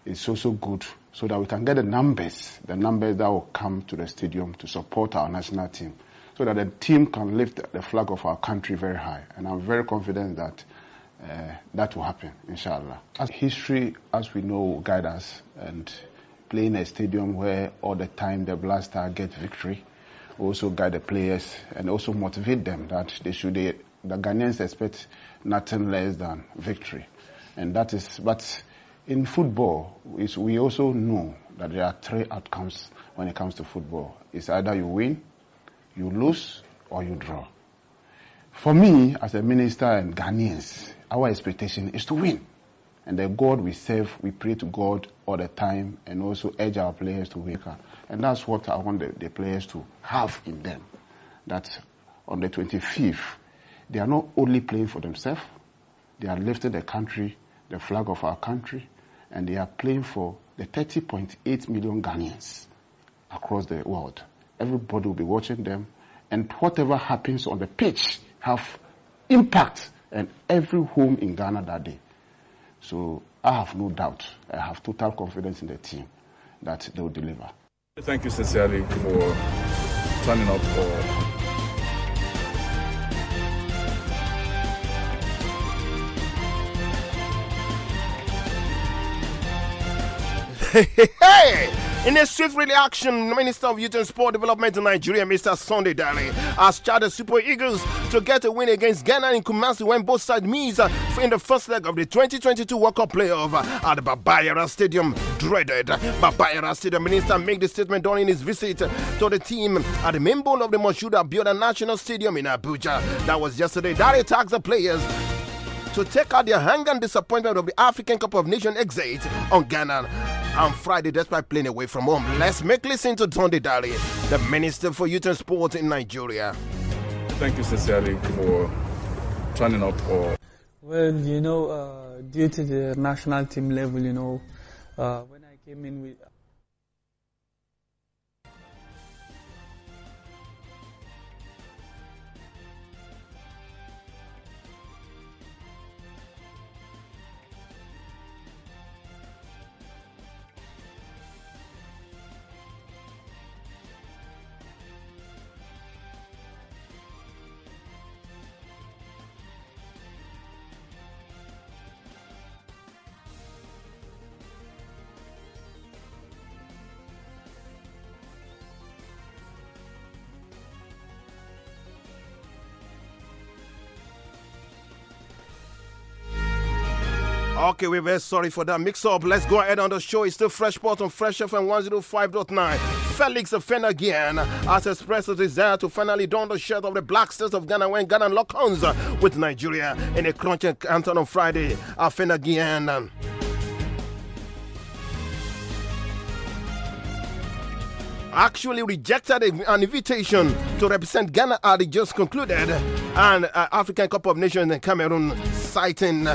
is also good so that we can get the numbers, the numbers that will come to the stadium to support our national team, so that the team can lift the flag of our country very high. And I'm very confident that uh, that will happen, inshallah. As history, as we know, will guide us, and playing a stadium where all the time the blaster get victory also guide the players and also motivate them that they should they, the Ghanaians expect nothing less than victory and that is but in football, we also know that there are three outcomes when it comes to football. It's either you win, you lose, or you draw. For me, as a minister and Ghanaians, our expectation is to win. And the God we serve, we pray to God all the time and also urge our players to wake up. And that's what I want the, the players to have in them. That on the 25th, they are not only playing for themselves, they are lifting the country, the flag of our country, and they are playing for the 30.8 million Ghanaians across the world. Everybody will be watching them, and whatever happens on the pitch have impact on every home in Ghana that day. So I have no doubt, I have total confidence in the team that they will deliver. Thank you sincerely for turning up for hey! In a swift reaction, Minister of Youth and Sport Development in Nigeria, Mr. Sunday Daly, has charged the Super Eagles to get a win against Ghana in Kumasi when both sides meet uh, in the first leg of the 2022 World Cup playoff uh, at the Babayara Stadium. Dreaded Babayara Stadium Minister made the statement during his visit to the team at the main bowl of the Moshuda Biola National Stadium in Abuja. That was yesterday. Daly tags the players to take out their hunger and disappointment of the African Cup of Nations exit on Ghana on Friday despite playing away from home. Let's make listen to Tunde Daly, the Minister for Youth and Sport in Nigeria. Thank you sincerely for turning up for. Well, you know, uh, due to the national team level, you know, uh, when I came in with Okay, we're very sorry for that mix up. Let's go ahead on the show. It's still Fresh Pot on Fresh FM 105.9. Felix Fenagian has expressed his desire to finally don the shirt of the Black Stars of Ghana when Ghana lock horns with Nigeria in a crunch encounter on Friday. Fenagian. actually rejected an invitation to represent Ghana at the just concluded and uh, African Cup of Nations in Cameroon, citing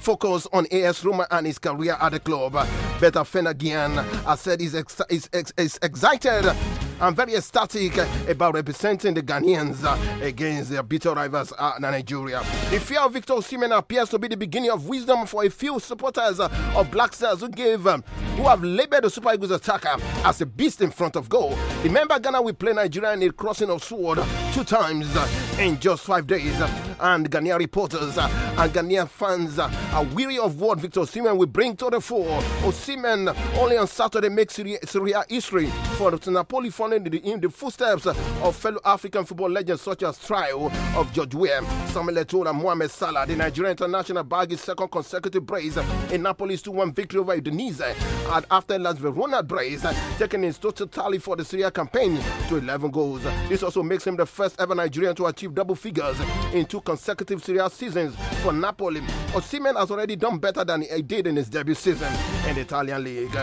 focus on AS Roma and his career at the club. Better again. I said, he's ex- he's ex- excited I'm very ecstatic about representing the Ghanaians uh, against their bitter rivals uh, Nigeria. The fear of Victor Osimhen appears to be the beginning of wisdom for a few supporters uh, of Black Stars who gave um, who have labelled the Super Eagles attacker as a beast in front of goal. Remember, Ghana will play Nigeria in a crossing of sword two times in just five days. And Ghanaian reporters and Ghanaian fans are weary of what Victor Osimhen will bring to the fore. Osimhen only on Saturday makes Syria history for the Napoli following in the footsteps of fellow African football legends such as Trio of George Weah, Samuel Eto'o and Mohamed Salah. The Nigerian international bagged his second consecutive brace in Napoli's 2-1 victory over Udinese and after Las Verona brace, taking his total tally for the Serie A campaign to 11 goals. This also makes him the first ever Nigerian to achieve double figures in two consecutive Serie A seasons for Napoli. Osimhen has already done better than he did in his debut season in the Italian league.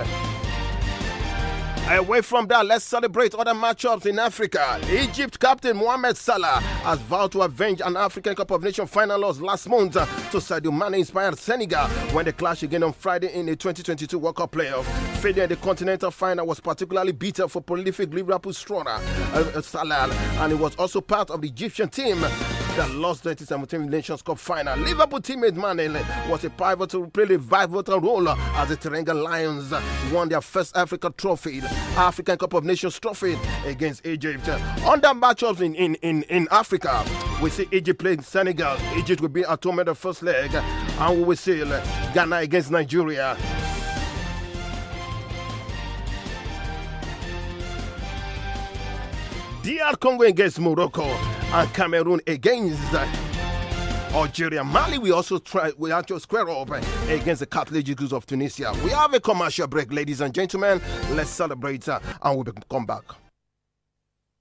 Away from that, let's celebrate other matchups in Africa. Egypt captain Mohamed Salah has vowed to avenge an African Cup of Nations final loss last month to Sadio Mane inspired Senegal when they clash again on Friday in the 2022 World Cup playoff. Failure in the continental final was particularly bitter for prolific Liverpool striker uh, Salah, and he was also part of the Egyptian team that lost 2017 Nations Cup final. Liverpool teammate Manele was a pivotal, played a pivotal role as the Teranga Lions won their first Africa trophy, African Cup of Nations trophy against Egypt. On that matchups in, in, in, in Africa, we see Egypt playing Senegal. Egypt will be at home in the first leg, and we will see Ghana against Nigeria. DR Congo against Morocco and Cameroon against uh, Algeria. Mali, we also try, we to square up uh, against the Catholic Jews of Tunisia. We have a commercial break, ladies and gentlemen. Let's celebrate uh, and we'll come back.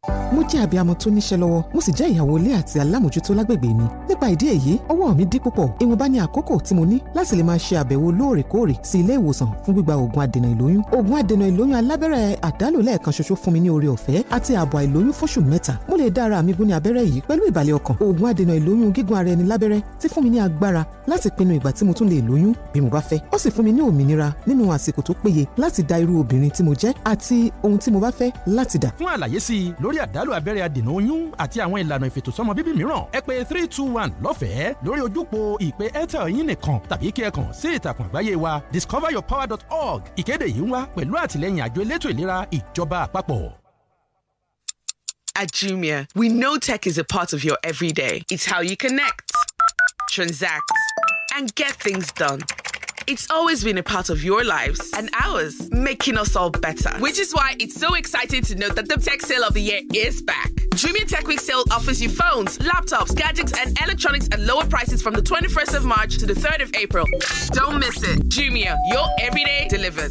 mo jẹ́ abiyamọ tó níṣẹ́ lọ́wọ́ mo sì jẹ́ ìyàwó ilé àti alámòjútó lágbègbè mi nípa ìdí èyí ọwọ́ mi dí púpọ̀ ìwọ̀nba ni àkókò tí mo ní láti lè máa ṣe àbẹ̀wò lóòrèkóòrè sí ilé ìwòsàn fún gbígba oògùn adènà ìlóyún oògùn adènà ìlóyún alábẹ́rẹ́ àdálò lẹ́ẹ̀kan ṣoṣo fún mi ní oore ọ̀fẹ́ àti ààbò àìlóyún fóṣù mẹ́ta mo lè dá ara mi gún ní abẹ́rẹ́ yìí pẹ̀lú ìbàlẹ̀ ọkàn oògùn adènà ìlóyún gígùn ara ẹni lábẹ́rẹ́ ti fún mi ní agbára láti pinnu ìgbà tí mo tún lè lóyún bí mo bá fẹ́ ó sì fún mi ní òmìnira nínú àsìkò tó péye láti dá irú obìnrin tí mo jẹ́ àti ohun tí mo bá fẹ́ láti dà. fún àlàyé sí i lórí lórí àdálù abẹ́rẹ́ adènà oyún àti àwọn ìlànà mìíràn ẹ pè three two one lọ́fẹ̀ẹ́ lórí ojúpo ìpè airtel yín nìkan tàbí kí ẹ kàn sí ìtàkùn àgbáyé wa discoveryourpower.org ìkéde yìí ń wá pẹ̀lú àtìlẹ́yìn àjọ elétò ìlera ìjọba àpapọ̀. At Jumia, we know tech is a part of your everyday. It's how you connect, transact, and get things done. It's always been a part of your lives and ours, making us all better. Which is why it's so exciting to note that the tech sale of the year is back. Jumia Tech Week sale offers you phones, laptops, gadgets, and electronics at lower prices from the 21st of March to the 3rd of April. Don't miss it. Jumia, your everyday delivered.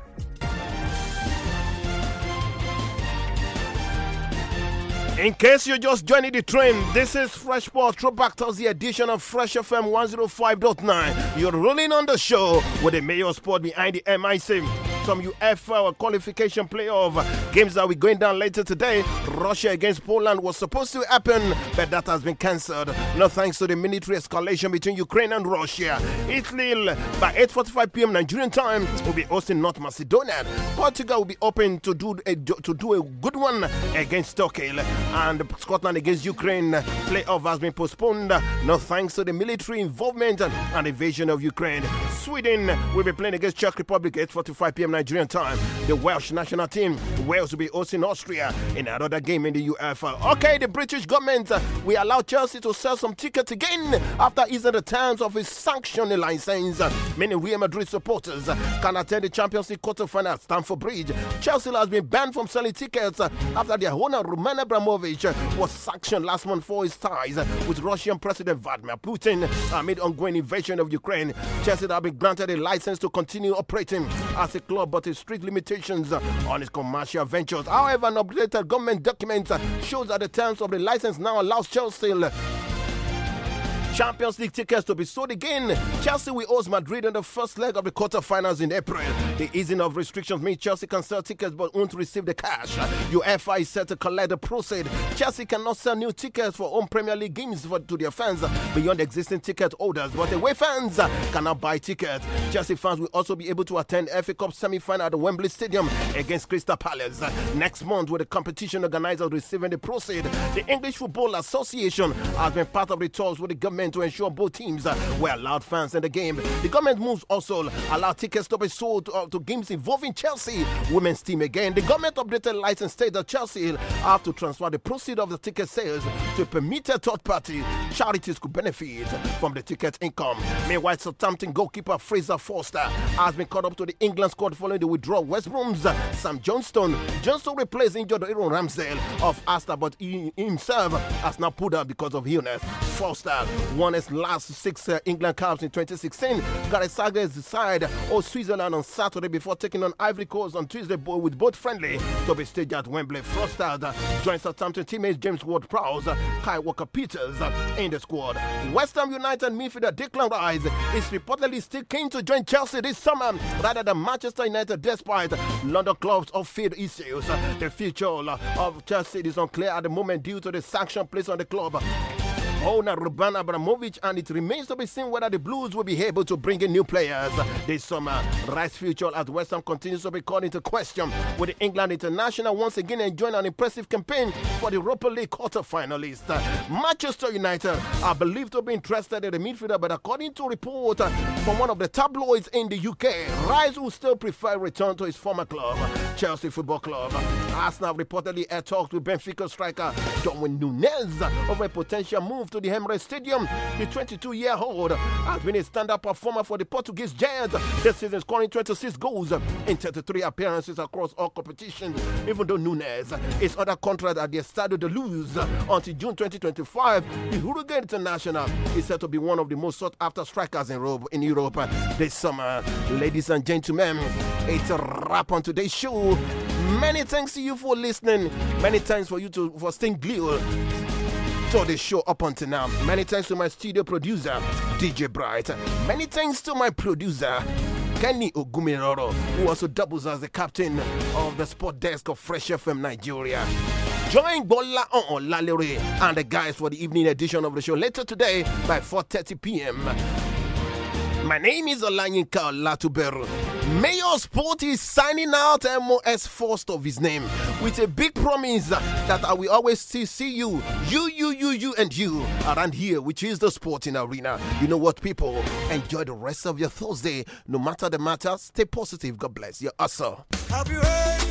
In case you are just joining the train, this is Fresh Paul Throwback the edition of Fresh FM 105.9. You're rolling on the show with the Mayor Sport behind the MIC some UFL qualification playoff games that we're going down later today. Russia against Poland was supposed to happen, but that has been cancelled. No thanks to the military escalation between Ukraine and Russia. Italy by 8:45 p.m. Nigerian time will be hosting North Macedonia. Portugal will be open to do a, eh, to do a good one against Turkey, and Scotland against Ukraine playoff has been postponed. No thanks to the military involvement and invasion of Ukraine. Sweden will be playing against Czech Republic at 8:45 p.m. Nigerian time. The Welsh national team, Wales, will be hosting Austria in another game in the UEFA. Okay, the British government, uh, we allow Chelsea to sell some tickets again after easing the terms of his sanctioning license. Uh, many Real Madrid supporters uh, can attend the Champions League quarterfinal at Stamford Bridge. Chelsea has been banned from selling tickets after their owner, Roman Abramovich, was sanctioned last month for his ties with Russian President Vladimir Putin amid ongoing invasion of Ukraine. Chelsea have been granted a license to continue operating as a club but his strict limitations on his commercial ventures. However, an updated government document shows that the terms of the license now allows Chelsea Champions League tickets to be sold again. Chelsea will host Madrid in the first leg of the quarterfinals in April. The easing of restrictions means Chelsea can sell tickets but won't receive the cash. UEFA is set to collect the proceeds. Chelsea cannot sell new tickets for home Premier League games for, to their fans beyond existing ticket holders, but away fans cannot buy tickets. Chelsea fans will also be able to attend FA Cup semi-final at the Wembley Stadium against Crystal Palace next month, with the competition organizers receiving the proceeds. The English Football Association has been part of the talks with the government government to ensure both teams were allowed fans in the game. The government moves also allow tickets to be sold to, uh, to games involving Chelsea women's team again. The government updated license state that Chelsea have to transfer the proceeds of the ticket sales to permitted third party charities could benefit from the ticket income. Meanwhile, Southampton goalkeeper Fraser Forster has been called up to the England squad following the withdrawal of West Brom's Sam Johnston. Johnston replaced injured Aaron Ramsdale of Aston, but he himself has now pulled out because of illness. Forster, won his last six uh, England Cups in 2016. Gareth is side of Switzerland on Saturday before taking on Ivory Coast on Tuesday with both friendly to be staged at Wembley. Frostad uh, joins Southampton teammates James Ward-Prowse, uh, Kai Walker-Peters uh, in the squad. West Ham United midfielder Declan Rice is reportedly still keen to join Chelsea this summer rather than Manchester United despite London clubs of field issues. The future uh, of Chelsea is unclear at the moment due to the sanction placed on the club owner Ruban Abramovich, and it remains to be seen whether the Blues will be able to bring in new players this summer. Rice's future at West Ham continues to be called into question, with the England international once again enjoying an impressive campaign for the Europa League quarter-finalist. Manchester United are believed to be interested in the midfielder, but according to a report from one of the tabloids in the UK, Rice will still prefer return to his former club, Chelsea Football Club. Arsenal reportedly had talked with Benfica striker Darwin Nunez over a potential move to the Emirates Stadium. The 22 year old has been a standout performer for the Portuguese Giants this season, scoring 26 goals in 33 appearances across all competitions, even though Nunes is under contract at the Estadio de Luz until June 2025. The Hurricane International is said to be one of the most sought after strikers in Europe, in Europe this summer. Ladies and gentlemen, it's a wrap on today's show. Many thanks to you for listening. Many thanks for you to for staying glued to this show up until now. Many thanks to my studio producer, DJ Bright. Many thanks to my producer, Kenny Ogumiroro, who also doubles as the captain of the sport desk of Fresh FM Nigeria. Join Bola on Lalere and the guys for the evening edition of the show later today by 4.30 p.m. My name is Olanyinka Latuberu. Mayor Sport is signing out MOS first of his name with a big promise that I will always see, see you, you, you, you, you, and you around here, which is the sporting arena. You know what, people? Enjoy the rest of your Thursday. No matter the matter, stay positive. God bless you. Awesome. Have you heard?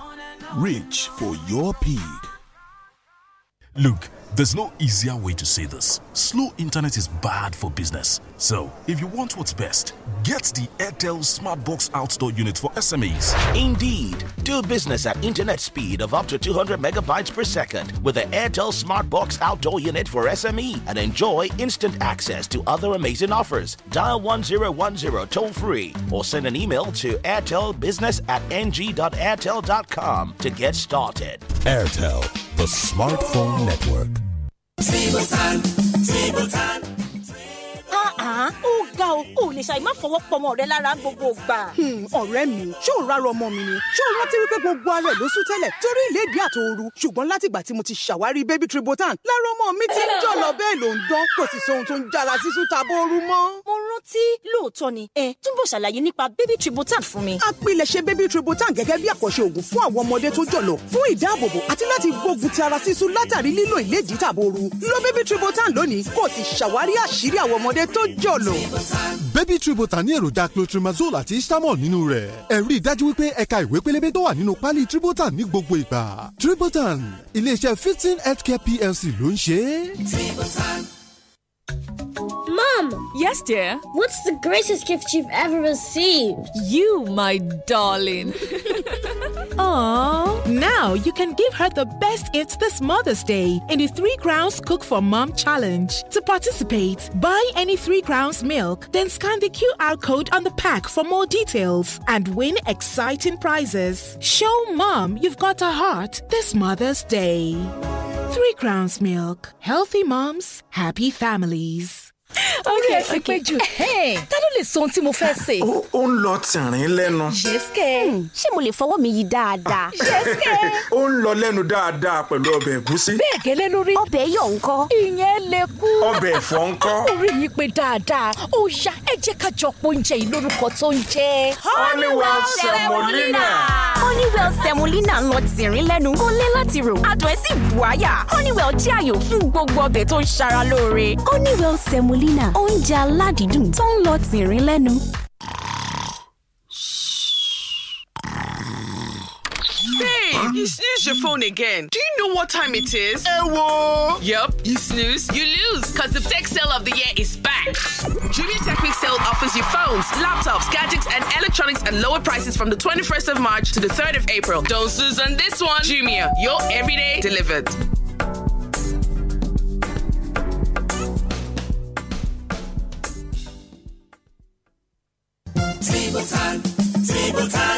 Reach for your pig. Look, there's no easier way to say this. Slow internet is bad for business. So, if you want what's best, get the Airtel Smartbox outdoor unit for SMEs. Indeed, do business at internet speed of up to 200 megabytes per second with the Airtel Smartbox outdoor unit for SME and enjoy instant access to other amazing offers. Dial 1010 toll free or send an email to airtelbusiness at ng.airtel.com to get started. Airtel the Smartphone Network. ga o kò lè ṣàì má fọwọ́ pọmọ rẹ lára gbogbo gbà. Hmm, ọ̀rẹ́ mi ṣó ń rárọ ọmọ mi ni ṣó ń rántí wípé gbogbo ara ẹ̀ ló sún tẹ́lẹ̀ torí ìlédìí àtòoru ṣùgbọ́n látìgbà tí mo ti ṣàwárí baby tributan lára ọmọ mi ti ń jọ̀lọ̀ bẹ́ẹ̀ ló ń dán kò sì sóhun tó ń jára sísun tabóoru mọ́. mo rántí lóòótọ́ ni ẹ túbọ̀ ṣàlàyé nípa baby tributan fún mi. apilẹ̀ṣẹ̀ baby tributan gẹ́gẹ́ bí àkọ́ṣe òògùn fún àwọn ọmọdé tó jọ̀lọ̀ fún ìdáàbòbò àti láti gbógun ti ara sísun látàrí lílo ìlédìí tàbóoru lo baby tributan lónìí kò sì ṣàwárí àṣírí àwọn ọmọdé tó jọ̀lọ̀ baby tree bota ní èròjà clotrimazole àti istamol nínú rẹ̀ ẹ rí i dájú wípé ẹ̀ka ìwé pélébé tó wà nínú pálí tribotan ní gbogbo ìgbà tribotan iléeṣẹ́ fifteen healthcare plc ló ń ṣe é. tribotan Mom! Yes, dear? What's the greatest gift you've ever received? You, my darling. Aww. Now you can give her the best gifts this Mother's Day in the Three Crowns Cook for Mom Challenge. To participate, buy any Three Crowns milk, then scan the QR code on the pack for more details and win exciting prizes. Show Mom you've got a heart this Mother's Day. Three Crowns Milk. Healthy moms, happy families. orí ẹ ti pé jù ta ló lè sọ ohun tí mo fẹ́ ṣe. ó ń lọ tìrín lẹ́nu. yẹ́sìkẹ́ hmm, ṣé mo lè fọwọ́ mi yí dáadáa. yẹ́sìkẹ́. ó ń lọ lẹ́nu dáadáa pẹ̀lú ọbẹ̀ ẹ̀gúsí. bẹ́ẹ̀ gẹ́lẹ́ lórí. ọbẹ̀ yọ̀ ńkọ́. ìyẹn lè kú. ọbẹ̀ ẹ̀fọ́ ńkọ́. orí yìí pé dáadáa ó yá ẹ ká jọ oúnjẹ yìí lórúkọ tó ń jẹ́. Honeywell semolina. Honeywell semolina ń lọ tìrín lẹ́nu kó lé láti rò Honeywell jẹ́ àyò fún gbogbo ọbẹ̀ Honeywell semolina Malina oúnjẹ aládìídùn tó ń lọ tìrín lẹ́nu. You snooze your phone again. Do you know what time it is? Ewo! Yep, you snooze, you lose. Because the tech sale of the year is back. Jumia Tech Week sale offers you phones, laptops, gadgets, and electronics at lower prices from the 21st of March to the 3rd of April. Don't snooze on this one. Jumia, your everyday delivered. table time, table time.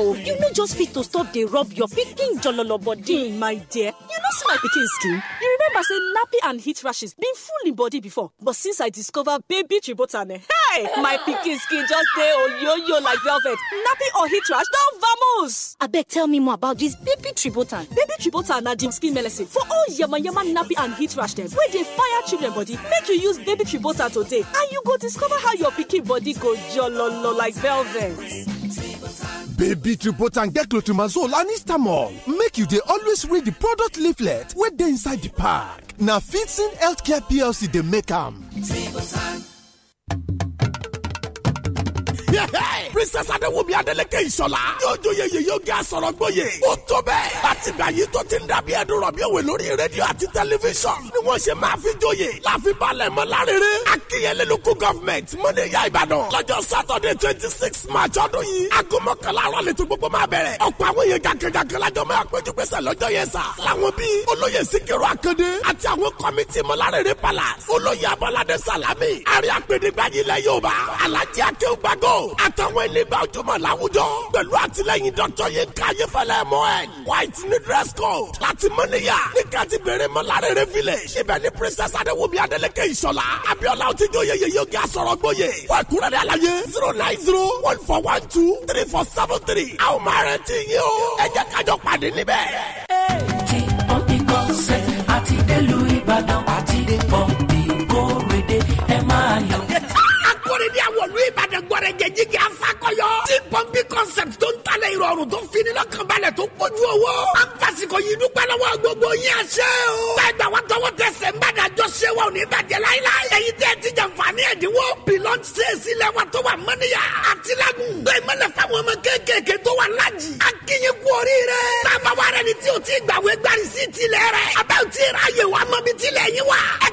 o you no just fit to stop dey rub your pikin jololo body. my dear you no see my pikin skin you remember say nappy and heat rashes bin full im body before but since i discover baby tribotan eh hey my pikin skin just dey oyoyo like velvet nappy or heat rash don vamoose. abeg tell me more about dis baby tribotan. baby tribotan na di skin medicine for all yamayama nappy and heat rash dem wey dey fire children body make you use baby tribotan today and you go discover how your pikin body go jololo like velvet. baby to put and get clotrimazole and istamol make you they always read the product leaflet when they inside the pack na fitson healthcare plc they make them pẹ́ẹ́ princess adéwùmí adélèké ìṣọ̀lá yóò joyè yèyé oge àsọ̀rọ̀ gbòye ó tó bẹ́ẹ̀ àti gbàyí tó ti ń dàbí ẹ̀dùn rọ̀bì òwe lórí rédíò àti tẹlifíṣàn ni wọ́n ṣe máa fi joyè láfi balẹ̀ mọ́ lárẹ́rẹ́ akínyẹlẹ́ local government mọ́nẹ́yà ìbàdàn lọ́jọ́ saturday twenty six march ọdún yìí aago mọ́kànlá rọ̀lẹ́ tó gbogbo máa bẹ̀rẹ̀ ọ̀pọ̀ àwọn èèyàn jàǹkàjàǹkà lájọ máa péjú pésẹ̀ lọ́jọ́ yẹn sà làwọn bíi olóyè síkírù akande àti àwọn kọ́mítì mọ́lárẹ̀rẹ̀ palace olóyè abọ́ládé salami àrí àpèdégbáyé ilẹ̀ yorùbá alájí akéwùgbàgọ́ road àtàwọn ẹlẹgbẹ́ ojúmọ́ làwùjọ pẹ̀lú àtìlẹ́yìn dọ́tọ̀ yẹn káyé fẹlẹ́ mọ́ ẹ̀ white ní dress code láti mọ́níyà ní kàti bèrè mọ́lárẹ̀rẹ̀ village ibẹ̀ ní princess adéwòmí adélèké ìṣọ̀lá abiola otijọ́ yeye yogi asọ̀rọ̀ gbóye fún ẹ̀kúnrẹ́rẹ́ àlàyé zero nine zero one four one two three four seven three a ò máa retí yín o ẹ jẹ́ kájọ pàdé níbẹ̀. ti pọ́ǹpì kọ́sẹ̀ wọ̀lú ìbàdàn gbọ̀rẹ̀jẹ̀ jígì afakọyọ. tí pọ́ńpì concept tó ń talẹ̀ ìrọ̀rùn tó fini lọ́kànbalẹ̀ tó kojú owó. a ń fasikọ yìí dúpẹ́ lọ́wọ́ gbogbo yín àṣẹ o. gbàgbà wa tọwọ́ tẹsẹ̀ ń bàdà jọ ṣe wa ò ní bàjẹ́ láíláí. èyí tẹ́ ti jàǹfààní ẹ̀dínwó pilọ́n ṣe é sílẹ̀ wa tó wà mọ́níyà àti lágùn. gbé mọ́lẹ̀ fáwọn ọmọ a kì í kú oríire. bàbá wa rẹ ni tí o ti gbàwé gbàrí sí tilẹ̀ rẹ. abẹ́ ò ti ra yẹ̀ wá mọ́bi tilẹ̀ yín wa. ẹ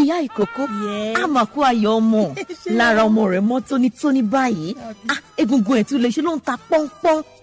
ìyá ìkókó àmàkù ayọ̀ ọmọ lára ọmọ rẹ̀ mọ́ tónítóní báyìí ah, egungun ẹ̀ tún lè ṣe ló ń ta pọ́npọ́n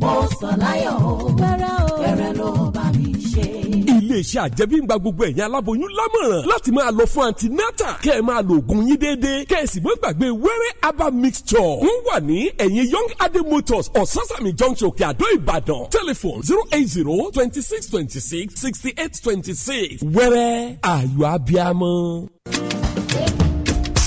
mo sọ láyọ̀ o fẹ́rẹ́ o fẹ́rẹ́ ló bá mi ṣe. iléeṣẹ́ àjẹmíngba gbogbo ẹ̀yin aláboyún lámọ̀ràn láti máa lọ fún antinata kẹ́ ẹ máa lo oògùn yín déédéé kẹ́ ẹ sì mọ́ gbàgbé wẹ́rẹ́ aba mixture wọ́n wà ní ẹ̀yìn young adé motors ososami junction òkè àdó ìbàdàn telephone zero eight zero twenty six twenty six sixty eight twenty six wẹ́rẹ́ ayọ̀ abiamọ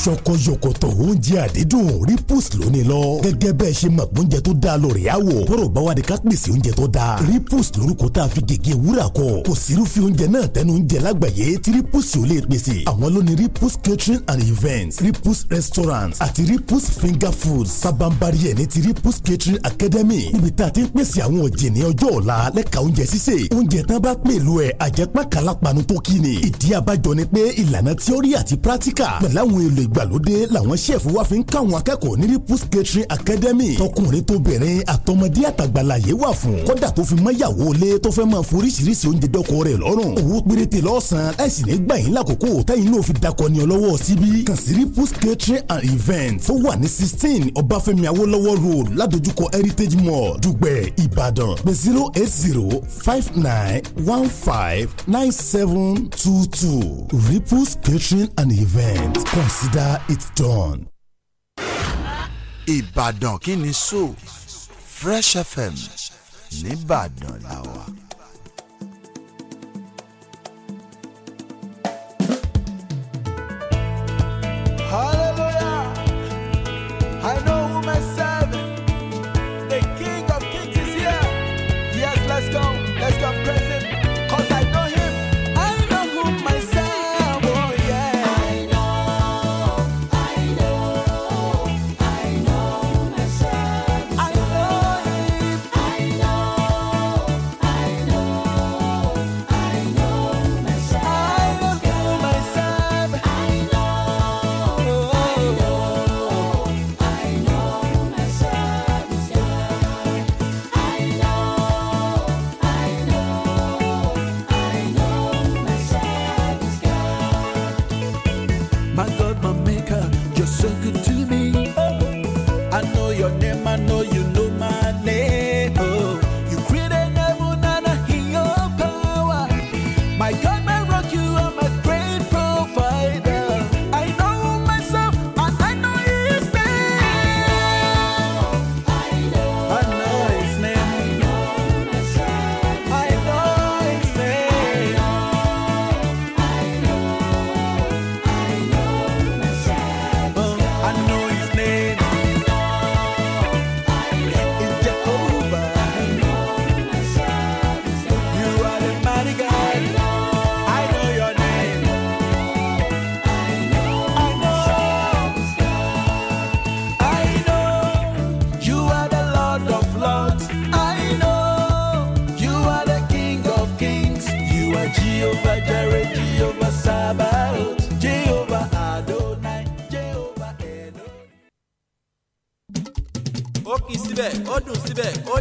ṣọkọyọkọtọ̀ oúnjẹ àdídùn ripus lónìí lọ gẹ́gẹ́ bẹ́ẹ̀ ṣe mọ̀ oúnjẹ tó dáa lórí àwọ̀ bọ́rọ̀ bá wà ní ká pèsè oúnjẹ tó dáa ripus lórúkọ tá a fi gègé wúrà kọ kò sírúfẹ́ oúnjẹ náà tẹnu oúnjẹ lágbàáyé tí ripus yóò lè pèsè àwọn ló ní ripus catering and events ripus restaurants àti ripus finger foods sábàǹbarì ẹ̀ ní ti ripus catering academy níbi tá a ti ń pèsè àwọn òjìní ọjọ́ ọ̀la lẹ́ka oúnjẹ sísè oúnjẹ tán bá pèlú ẹ̀ àjẹpá kàlápanu tó kí ni ìdí abájọ ni pé ìlànà tíọ́rì àti pírátíkà pẹ̀láwọn èlò ì ìgbàlódé làwọn ṣẹ́ẹ̀fù wa fi ń káwọn akẹ́kọ̀ọ́ ní Ripples Catering Academy tọkùnrin tóbìnrin àtọmọdé àtàgbàláyé wà fún kódà tó fi mọ́yàwó lé tó fẹ́ máa foríṣiríṣi oúnjẹ dọ́kọ rẹ̀ lọ́rùn owó péréte lọ́sàn-án láìsí ní gbà yín lákòókò tẹ́yìn náà fi dakọ̀ ní ọlọ́wọ́ síbí kàn sí Ripples Catering and Event tó wà ní sixteen Ọbáfẹ́mi Awólọ́wọ̀ Road ládojúkọ Heritage Mall Dùgbẹ̀ Ìbàdàn pé zero eight zero five nine one five nine seven two two Ripples Catering and Event consider After it's done. Ìbàdàn kí ni so Fresh FM nìbàdàn làwà.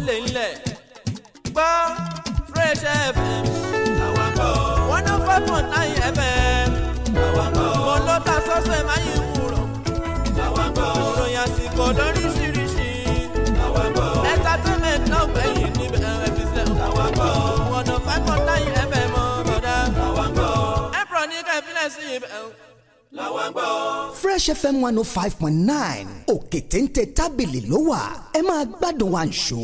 lè ńlẹ̀ gbọ́ fresh fm àwàkọ́ one oh five point nine fm àwàkọ́ mo ló ta sọ́sẹ̀ máa yín wúrọ̀ àwàkọ́ ìròyìn àsìkò lóríṣiríṣi àwàkọ́ entertainment náà gbẹ̀yìn níbẹ̀ ẹ̀ fi sẹ́ àwàkọ́ one oh five point nine fm ọ̀dà àwàkọ́ ẹ̀pọ̀ ní ká sí ibẹ̀ fresh fm one oh five point nine òkè téńté tábìlì ló wà ẹ máa gbádùn wa ń ṣó.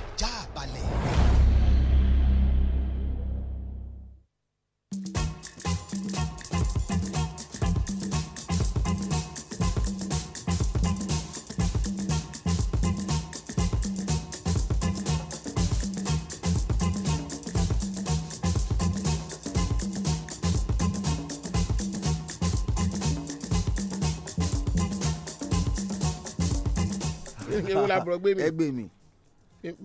làbúrò gbé mi. ẹ gbé mi.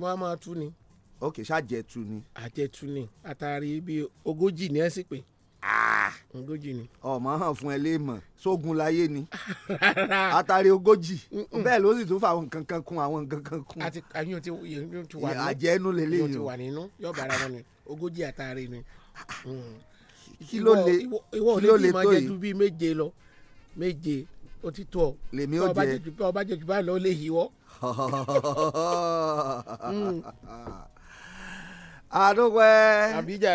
wọ́n á máa tú ni. ok ṣàjẹtu ni. àjẹtu ni àtàrí bíi ogójì ni ẹ sì pé. Ah! ogójì ni. ọmọ hàn fún ẹ léèmọ sógun láyé ni àtàrí ogójì bẹ́ẹ̀ ló sì tún fa àwọn nǹkan kan kún àwọn nǹkan kan kún. àti àyùn ti yẹn ti wà nínú àjẹnu lélẹ́yìn o yẹn ti wà nínú yọ̀ọ̀ bára wọn ni ogójì àtàrí ni ah! mm. kí ló le kí ló le tó yìí ìwọ ò lè bí máa jẹ ju méje lọ méje ó ti tó lèmi ó jẹ bá ọba jẹ ju báyìí lọ lè yíwọ. àdókòwé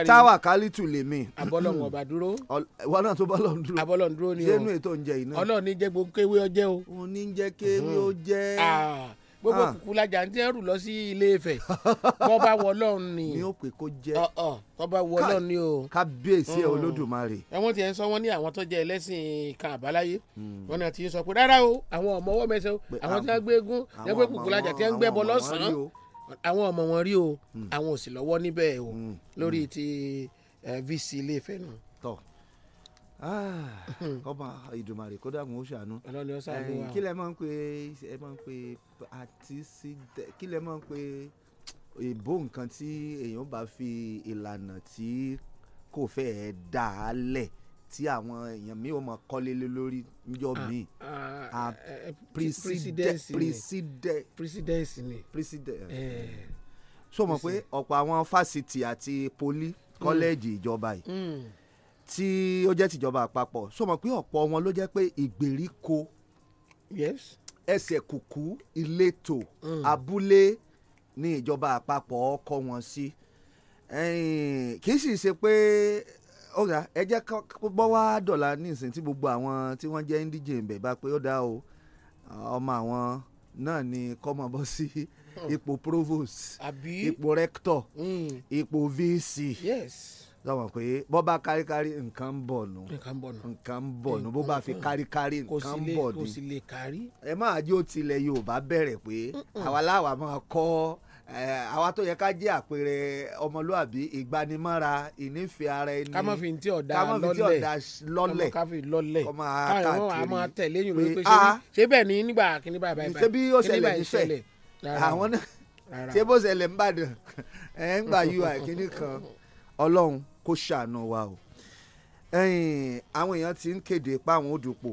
táwa kálítù lèmi. abọ́lọ́mù ọba dúró. wọn náà tó bọ́lọ́mù dúró. abọ́lọ́mù dúró ni o. sẹ́nu ètò ń jẹ iná. ọlọ́run ní jẹ́ gbogbo kéwé ọjẹ́ o. òun ní jẹ́ kéwé ọjẹ́ gbogbo ah. kùkú lajà ń tẹ́ rù lọ sí ilé Ifẹ̀ bọ́ba wọlọ́run ni ni ó pè kó jẹ́ bọ́ba wọlọ́run ni o. kábíyèsí mm. ẹ olódùmarè. ẹ̀wọ̀n tiẹ̀ ń sọ wọ́n ní àwọn tó jẹ́ ẹlẹ́sìn kan àbáláyé mm. wọn náà ti sọ pé rárá o àwọn ọmọ ọwọ́ mẹsẹ̀ o àwọn tí wọ́n gbé eégún ẹ pé kùkú lajà tí wọ́n gbẹ́bọ lọ́sàn-án àwọn ọmọ wọn rí o mm. àwọn ò sì lọ́wọ́ níbẹ̀ o lórí ti eh, VC ilé Ifẹ̀ náà. Ah, ọba ìdùmarè kó dàgùn ó ṣàánú kí lẹ máa ń pe ẹ máa ń pe àtisídẹ kí lẹ máa ń pe ìbò nǹkan tí èèyàn bá fi ìlànà tí kò fẹ́ ẹ̀ dà á lẹ̀ tí àwọn èèyàn mi ò mọ̀ kọ́lé lórí níjọ́ ah, mi ah, eh, eh, presidency ni so eh. mọ̀ pé ọ̀pọ̀ àwọn fásitì àti poli kọ́lẹ́ẹ̀jì hmm. ìjọba yìí hmm tí ó jẹ́ tìjọba àpapọ̀ sọ mọ̀ pé ọ̀pọ̀ wọn ló jẹ́ pé ìgbèríko ẹsẹ̀ kùkú ìletò mm. abúlé ní ìjọba àpapọ̀ kọ́ wọn sí kì í sì ṣe pé ọ̀gá ẹ jẹ́ bọ́ wá dọ̀la nísìnyí tí gbogbo àwọn tí wọ́n jẹ́ ndíje ń bẹ̀ bá pé ó dá o ọmọ àwọn náà ni kọ́mọ bọ́ sí ipò provost ipò rector mm. ipò vc sọ̀rọ̀ pé bọ́ bá káríkárí nǹkan ń bọ̀ nù nǹkan ń bọ̀ nù bó bá fi káríkárí nǹkan ń bọ̀ nù ẹ máa jó tilẹ̀ Yorùbá bẹ̀rẹ̀ pé àwa láwa máa kọ́ àwa tó yẹ ká jẹ́ àpẹẹrẹ ọmọlúàbí ìgbanimọ́ra ìnífẹ̀ẹ́ ara ẹni ká má fi ti ọ̀dà lọ́lẹ̀ ká fi lọ́lẹ̀ ọmọ káàkiri káàkiri àmọ́ tẹ̀lé yìí lórí pé ṣé bẹ́ẹ̀ ni nígbà kíní báyìí báyìí ṣé bí yóò ṣẹlẹ̀ níṣẹ́ àwọn náà ṣé bó ṣẹlẹ̀ ń bàdàn ẹ̀ ń gbà ui kíní kan ọlọ́run kó ṣàánú wa o àwọn èèyàn ti ń kéde pa àwọn òdùpò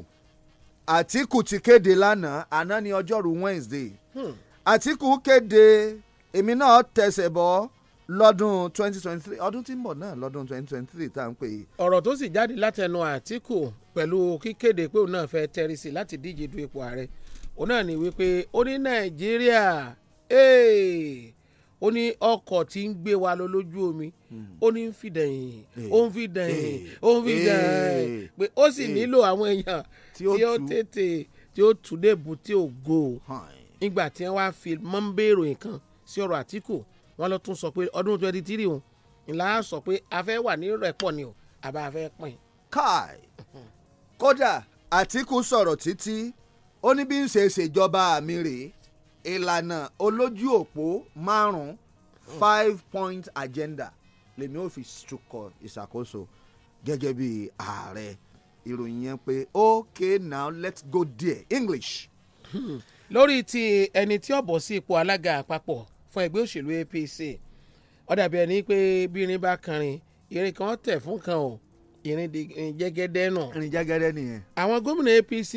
Àtíkù ti kéde lánàá àná ní ọjọ́rú Wednesday hmm. Àtíkù kéde èmi náà tẹsẹ̀ bọ́ lọ́dún twenty twenty three ọdún tí ń bọ̀ náà lọ́dún twenty twenty three tá à ń pè é. ọ̀rọ̀ tó sì jáde látẹnu Àtíkù pẹ̀lú kíkéde pé òun náà fẹ́ tẹ́rí sí láti díje du ipò ààrẹ òun náà ní wípé ó ní Nàìjíríà ó ní ọkọ̀ tí ń gbé wa lọ lójú omi hmm. ó ní ń fi dẹ̀yìn eh. ó ń fi dẹ̀yìn eh. ó ń fi eh. dẹ̀yìn pé ó sì nílò àwọn èèyàn tí ó tètè tí ó tù débù tí ó go nígbà tí wọ́n wá fi mọ́ńbèrò nǹkan sí ọ̀rọ̀ Àtíkù wọ́n lọ tún sọ pé ọdún twenty three òun ńlá sọ pé a fẹ́ wà ní rẹ̀pọ̀ ni o àbá a fẹ́ pín. káì kódà Àtíkù sọ̀rọ̀ títí ó ní bí ń ṣe ṣèjọba mi rèé ìlànà olójú òpó márùn-ún five point agenda lèmi ò fi tukọ̀ ìṣàkóso gẹ́gẹ́ bí ààrẹ ìròyìn yẹn pé okay now let's go there english. lórí ti ẹni tí ó sí ipò alága àpapọ̀ fún ẹgbẹ́ òṣèlú apc ó dàbí ẹni pé bí irin bá kanrin irin kan tẹ̀ fún kan o irin jẹ́gẹ́dẹ́ náà. irin jẹ́gẹ́dẹ́ nìyẹn. àwọn gómìnà apc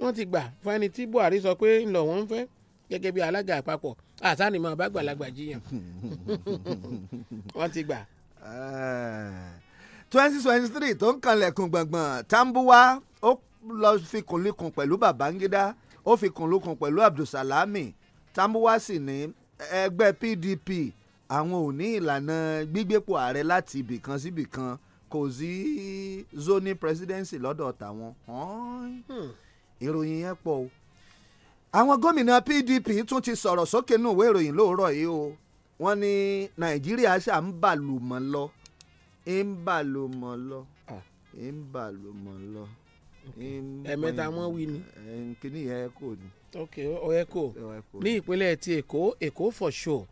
wọ́n ti gbà fún ẹni tí buhari sọ pé ńlọ wọ́n ń fẹ́ gẹ́gẹ́ bí alága àpapọ̀ àtàní máa bá gbàlagbà jiyàn wọ́n ti gbà. Eh, twenty twenty three tó ń kanlẹ̀kùn gbọ̀ngbọ̀n tambuwa ó lọ fi kùnlẹ̀kùn pẹ̀lú babangida ó fi kùnlẹ̀kùn pẹ̀lú abdulsalami tambuwa sì ní ẹgbẹ́ pdp àwọn ò ní ìlànà gbígbépò ààrẹ láti ibìkan sí ibìkan kò sí zoni presidency lọ́dọ̀ tàwọn hmm. ìròyìn yẹn pọ̀ o àwọn gómìnà PDP tún ti sọ̀rọ̀ sókè nù ìwé ìròyìn lóòrọ̀ yìí o wọ́n ní Nàìjíríà ṣà ń bàlùmọ̀ lọ ń bàlùmọ̀ lọ ah. ń bàlùmọ̀ lọ. ẹ̀mẹ́ta wọn wí ni. kíní yẹn kò ní. ok ọ ẹ kò ní ìpínlẹ̀ ti Èkó Èkó for sure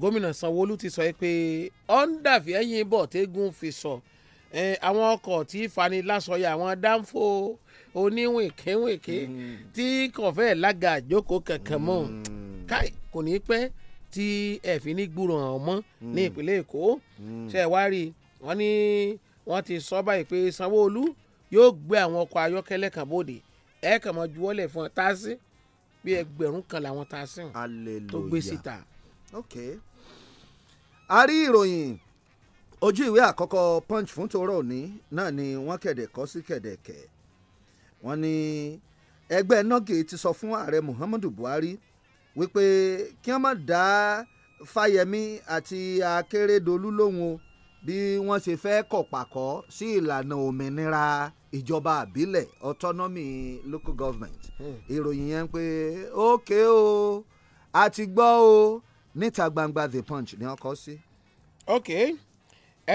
gómìnà Sanwó-Olú ti sọ pé ọ́ndàfíẹ́yìn bọ̀ tẹ́gùn fi sọ. So àwọn ọkọ̀ tí fani lásọyà àwọn dánfò oníwìnkínwìnkí mm. tí kò fẹ́ lága àjókòó kankan mọ́ mm. káì kò ní pẹ́ tí ẹ̀fín ní gbúràn ọmọ ní mm. ìpínlẹ̀ èkó ṣe wá rí wọn ni wọ́n ti sọ báyìí pé sanwó yóò gbé àwọn ọkọ̀ ayọ́kẹ́lẹ́ kan bóde ẹ̀ kàn mọ́ juwọ́lẹ̀ fún ọ táàsì bí ẹgbẹ̀rún kan làwọn táàsì tó gbé síta. a rí ìròyìn ojú ìwé àkọ́kọ́ punch fún tòró òní náà ni wọ́n kẹ̀dẹ̀ kọ́ sí kẹ̀dẹ̀kẹ̀ wọ́n ní ẹgbẹ́ nọ́gì ti sọ fún ààrẹ Muhammadu Buhari wípé kí wọ́n má dá Fáyẹmí àti Akérèdọ́lù lóhùn o bí wọ́n ṣe fẹ́ kọ̀pàkọ́ sí ìlànà òmìnira ìjọba àbílẹ̀ autonomy local government hmm. ìròyìn yẹn pé ókè o a ti gbọ́ o níta gbangba the punch ni wọ́n kọ sí. okay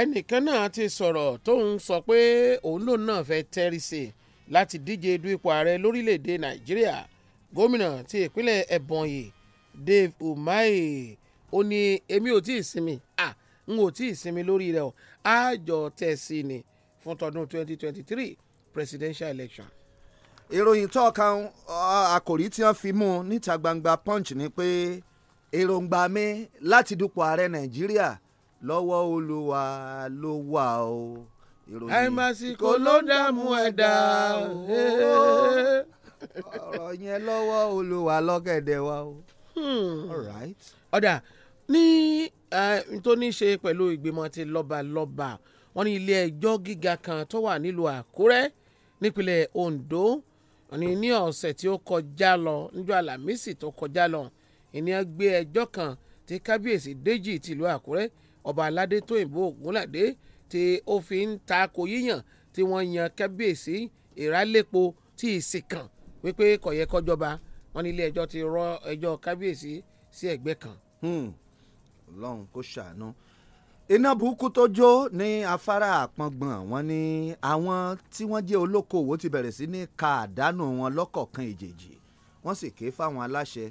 ẹnìkan náà ti sọ̀rọ̀ tóun sọ pé òun lòun náà fẹ́ tẹ́rí sí i láti díje du ipò ààrẹ lórílẹ̀‐èdè nàìjíríà gómìnà ti ìpínlẹ̀ ẹ̀bọ̀nyì Dave Umahi ó ní èmi ò tí ì sinmi à n ò tí ì sinmi lórí rẹ̀ o àjọ tẹ̀sí ni fún tọdún 2023 presidential election. ìròyìn tó kan àkòrí tí wọ́n fi mú níta gbangba punch ni pé èròǹgbà mi láti dupò ààrẹ nàìjíríà lọ́wọ́ olúwa ló wà o. àìmàsìkò ló dààmú ẹ̀dá o. ọ̀rọ̀ yẹn lọ́wọ́ olúwa lọ́kẹ̀dẹ̀ wa o. Hmm. ọ̀dà ní tó ní ṣe pẹ̀lú ìgbìmọ̀ ti lọ́balọ́ba wọn ní ilé ẹjọ́ gíga kan tó wà nílùú àkúrẹ́ nípínlẹ̀ ondo wọn ní ní ọ̀sẹ̀ tí ó kọjá lọ níjọ́ àlàmísì tó kọjá lọ ìní gbé ẹjọ́ kan tí kábíyèsí déjì tìlú àkúrẹ́ ọba aládé tóyìnbó ògúnládé tí ó fi ń ta ko yíyàn tí wọ́n yan kábíyèsí ìrálépo tí ìsìnkàn wípé kò yẹ kọjọba wọn ní ilé ẹjọ́ ti rọ ẹjọ́ kábíyèsí sí ẹ̀gbẹ́ kan. Hmm. ọlọ́run kò ṣàánú iná burúkú tó jó ní afárá àpọ̀ngbọ̀n wọn ni àwọn tí wọ́n jẹ́ olókoòwò ti bẹ̀rẹ̀ sí ní ka àdánù wọn lọ́kọ̀ọ̀kan ìjèjì wọ́n sì ké fáwọn aláṣẹ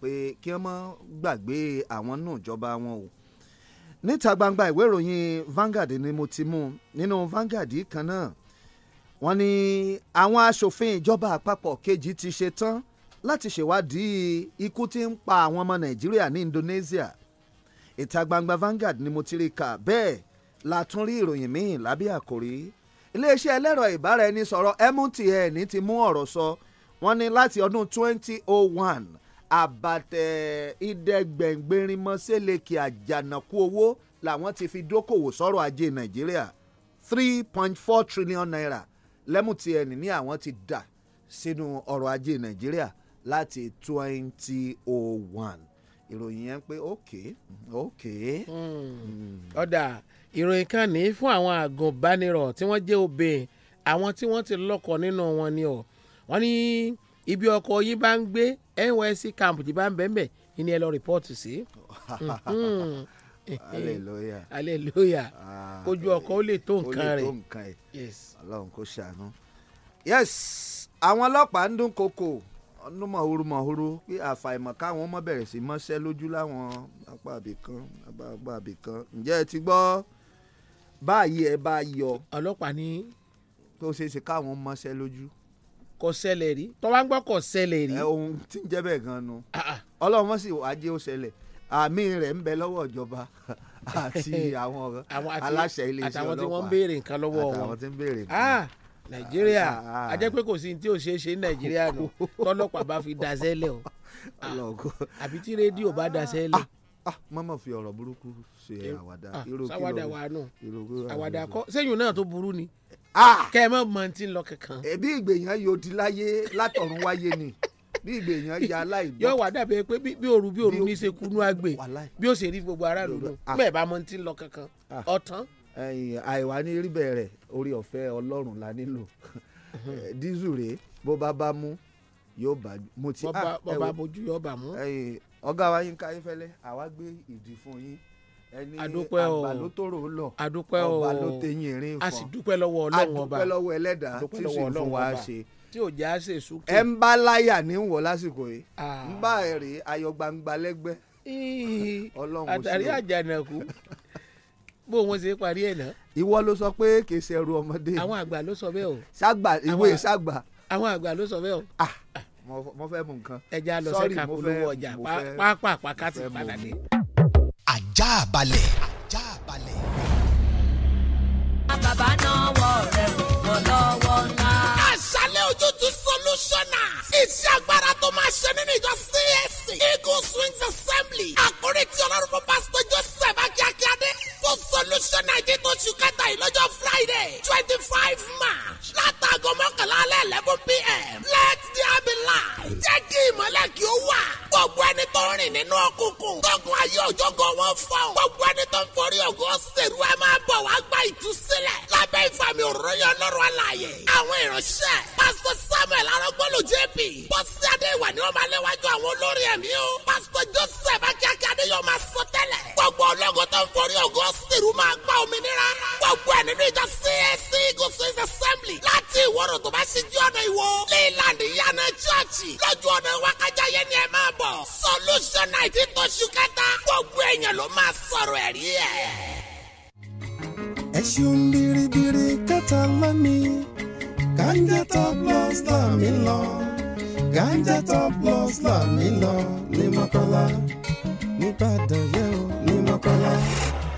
pé kí wọ́n gbàgbé àwọn náà jọba wọn o níta gbangba ìwé ìròyìn Vanguard ni mo ti mú nínú Vanguard kan náà wọ́n ní àwọn aṣòfin ìjọba àpapọ̀ kejì ti ṣe tán láti ṣèwádìí ikú tí ń pa àwọn ọmọ Nàìjíríà ní Indonesia ìta gbangba Vanguard ni mo ti rí kà bẹ́ẹ̀ la tún rí ìròyìn míì lábẹ́ àkòrí iléeṣẹ́ ẹlẹ́rọ ìbáraẹnisọ̀rọ̀ MTN ti mú ọ̀rọ̀ sọ wọ́n ní láti ọdún 2001 àbàtẹ ìdẹ́gbẹ̀ngbẹ̀rinmọ́sẹ̀lẹ̀kì àjànàkú owó làwọn ti fi dókòwò sọ́rọ̀ ajé nàìjíríà three point four trillion naira lẹ́mù tí ẹnì ní àwọn ti dà sínú ọrọ̀ ajé nàìjíríà láti twenty oh one ìròyìn yẹn pé ok ok. Hmm. ọ̀dà ìròyìn kan ní fún àwọn àgùnbánirọ̀ tí wọ́n jẹ́ obìnrin àwọn tí wọ́n ti lọ́kọ nínú wọn ni ọ̀ wọ́n ní. Ni ibi ọkọ̀ yín bá ń gbé NYSC camp ti bá ń bẹ́ẹ̀ ni ẹ lọ rìpọ́ọ̀tù sí. hallelujah hallelujah ah, kojú eh, ọkọ̀ ó lè tó nǹkan rẹ̀ ó lè tó nǹkan rẹ̀ yes ọlọ́run kò ṣàánú. yes àwọn ọlọ́pàá ń dún koko ọdún mọ̀húrú mọ̀húrú pé àfàìmọ̀ káwọn ọmọ bẹ̀rẹ̀ sí mọ́ṣẹ́ lójú láwọn apá àbìkan apá àbìkan ǹjẹ́ ẹ ti gbọ́ báyìí ẹ bá yọ. ọlọ́pàá ní. tó ṣeé ṣe káwọn mọ́ṣẹ́ lójú kò ṣẹlẹ̀ rí tọ́wá ń gbọ́ kò ṣẹlẹ̀ rí. ẹ ohun tí ń jẹ́ bẹ́ẹ̀ gan-an nu ah, ah. ọlọ́run mọ̀ sí ajé ó ṣẹlẹ̀ àmì rẹ̀ ń bẹ lọ́wọ́ ìjọba àti àwọn aláṣẹ iléeṣẹ́ ọlọ́pàá àtàwọn tí wọ́n ń béèrè nǹkan lọ́wọ́ wọn àtàwọn tí ń béèrè nǹkan ah, nàìjíríà a jẹ́ pé kò sí tí ò ṣeé ṣe ní nàìjíríà nù tọ́lọ́pàá bá fi daṣẹ́ lẹ̀ o àbí tí rédíò bá daṣẹ́ lẹ̀. mọ́mọ́ fi ọ̀rọ̀ burúkú ṣe eh, àwàdà irú kí ló àwàdà kọ́ sẹ́yìn náà tó burú ni Ah! kẹ́ ẹ mọ̀ mọ̀ tí ń lọ kankan. ẹbí ìgbèyàn yòdì láyé látọ̀run wáyé ni bí ìgbèyàn ya aláìgbọ́. yóò wá dàbí pé bí òru bí òru ní í ṣe kunú àgbè bí ó ṣe rí gbogbo aráàlú lò ah. bẹ́ẹ̀ bá mọ̀ tí ń lọ kankan ah. ọ̀tán. àìwá ní rí bẹ̀rẹ̀ orí ọ̀fẹ́ ọlọ́run la nílò eh, dísù rèé bó bá bá mú yóò bá mo ti. bọ́ba bójú yóò bá mú. ọ̀gá wa yín ká yín fẹ́lẹ́ àwa gbé ìdí fún yín ẹni àgbàlótòrò lọ àdúpẹ́ o ọba ló tẹyìn erin fún a sì dúpẹ́ lọ́wọ́ ọlọ́run ọba àdúpẹ́ lọ́wọ́ ẹlẹ́dàá tí sì fún wa ṣe tí ò já ṣe sùkú. ẹ ń bá láyà ní wọ lásìkò yìí ń bá èrè ayọ̀ gbangba lẹ́gbẹ́ ọlọ́run sí i àtàrí àjànàkú bó wọn ṣe parí ẹ̀ náà. ìwọ ló sọ pé kì ẹrù ọmọdé. àwọn àgbà ló sọ bẹ́ẹ̀ o. ságba ìwé ságba. àwọn àgbà ló sọ bẹ́ẹ̀ o. mo fẹ́ mu nǹkan. ẹja lọ sẹ́ka polówó ọjà pápá pàkátì padà dé ajá balẹ̀. ajá balẹ̀. bàbá náà wọ ọ̀rẹ́ wọn lọ́wọ́ ńlá. àṣàlẹ̀ ojútùú solutiona. iṣẹ́ agbára tó máa ṣe nínú ìjọ CAC. eagle swings assembly. àkórí tí ọlọ́run fún pásítọ̀ jọ́sí. Revolution nineteen oṣù kẹta yìí lọ́jọ́ Friday twenty five March látàgọ mọ́kànlá alẹ́ eleven pm let there be light jẹ́ kí ìmọ̀lẹ̀ kí ó wà gbogbo ẹni tó ń rìn nínú òkùnkùn gbogbo ayé òjòkó wọn fọ́ gbogbo ẹni tó ń forí ògo ṣèrú ẹ máa bọ̀ wá gba ìtúsílẹ̀ lábẹ́ ìfàmì òróyìn ọlọ́run àlàyé àwọn ìránṣẹ́ pásítọ̀ samuel arógbólú jp bọ́sí adéwà ni wọ́n máa léwájú àwọn olórí ẹ̀mí o pásítọ̀ joseph akíákí adéyọ̀ máa sọ tẹ́lẹ̀ gbogbo ológun tó ń forí ògo sírù máa gba òmìnira gbogbo ẹ̀ nínú ìjọ csc gospel assembly láti ìwọ́rọ̀ tó bá ṣíjú ọ̀nà ìwọ leland ìyànà chọ́ọ̀chì lójú ọ̀nà wákàjà yẹn ni ẹ máa bọ̀ solution night tó ṣú kẹta gbogbo èèyàn ló máa sọ̀rọ̀ ẹ̀rí Ganja top lost la milo Ganja top lost la milo Ni makola Ni bada yo Ni makola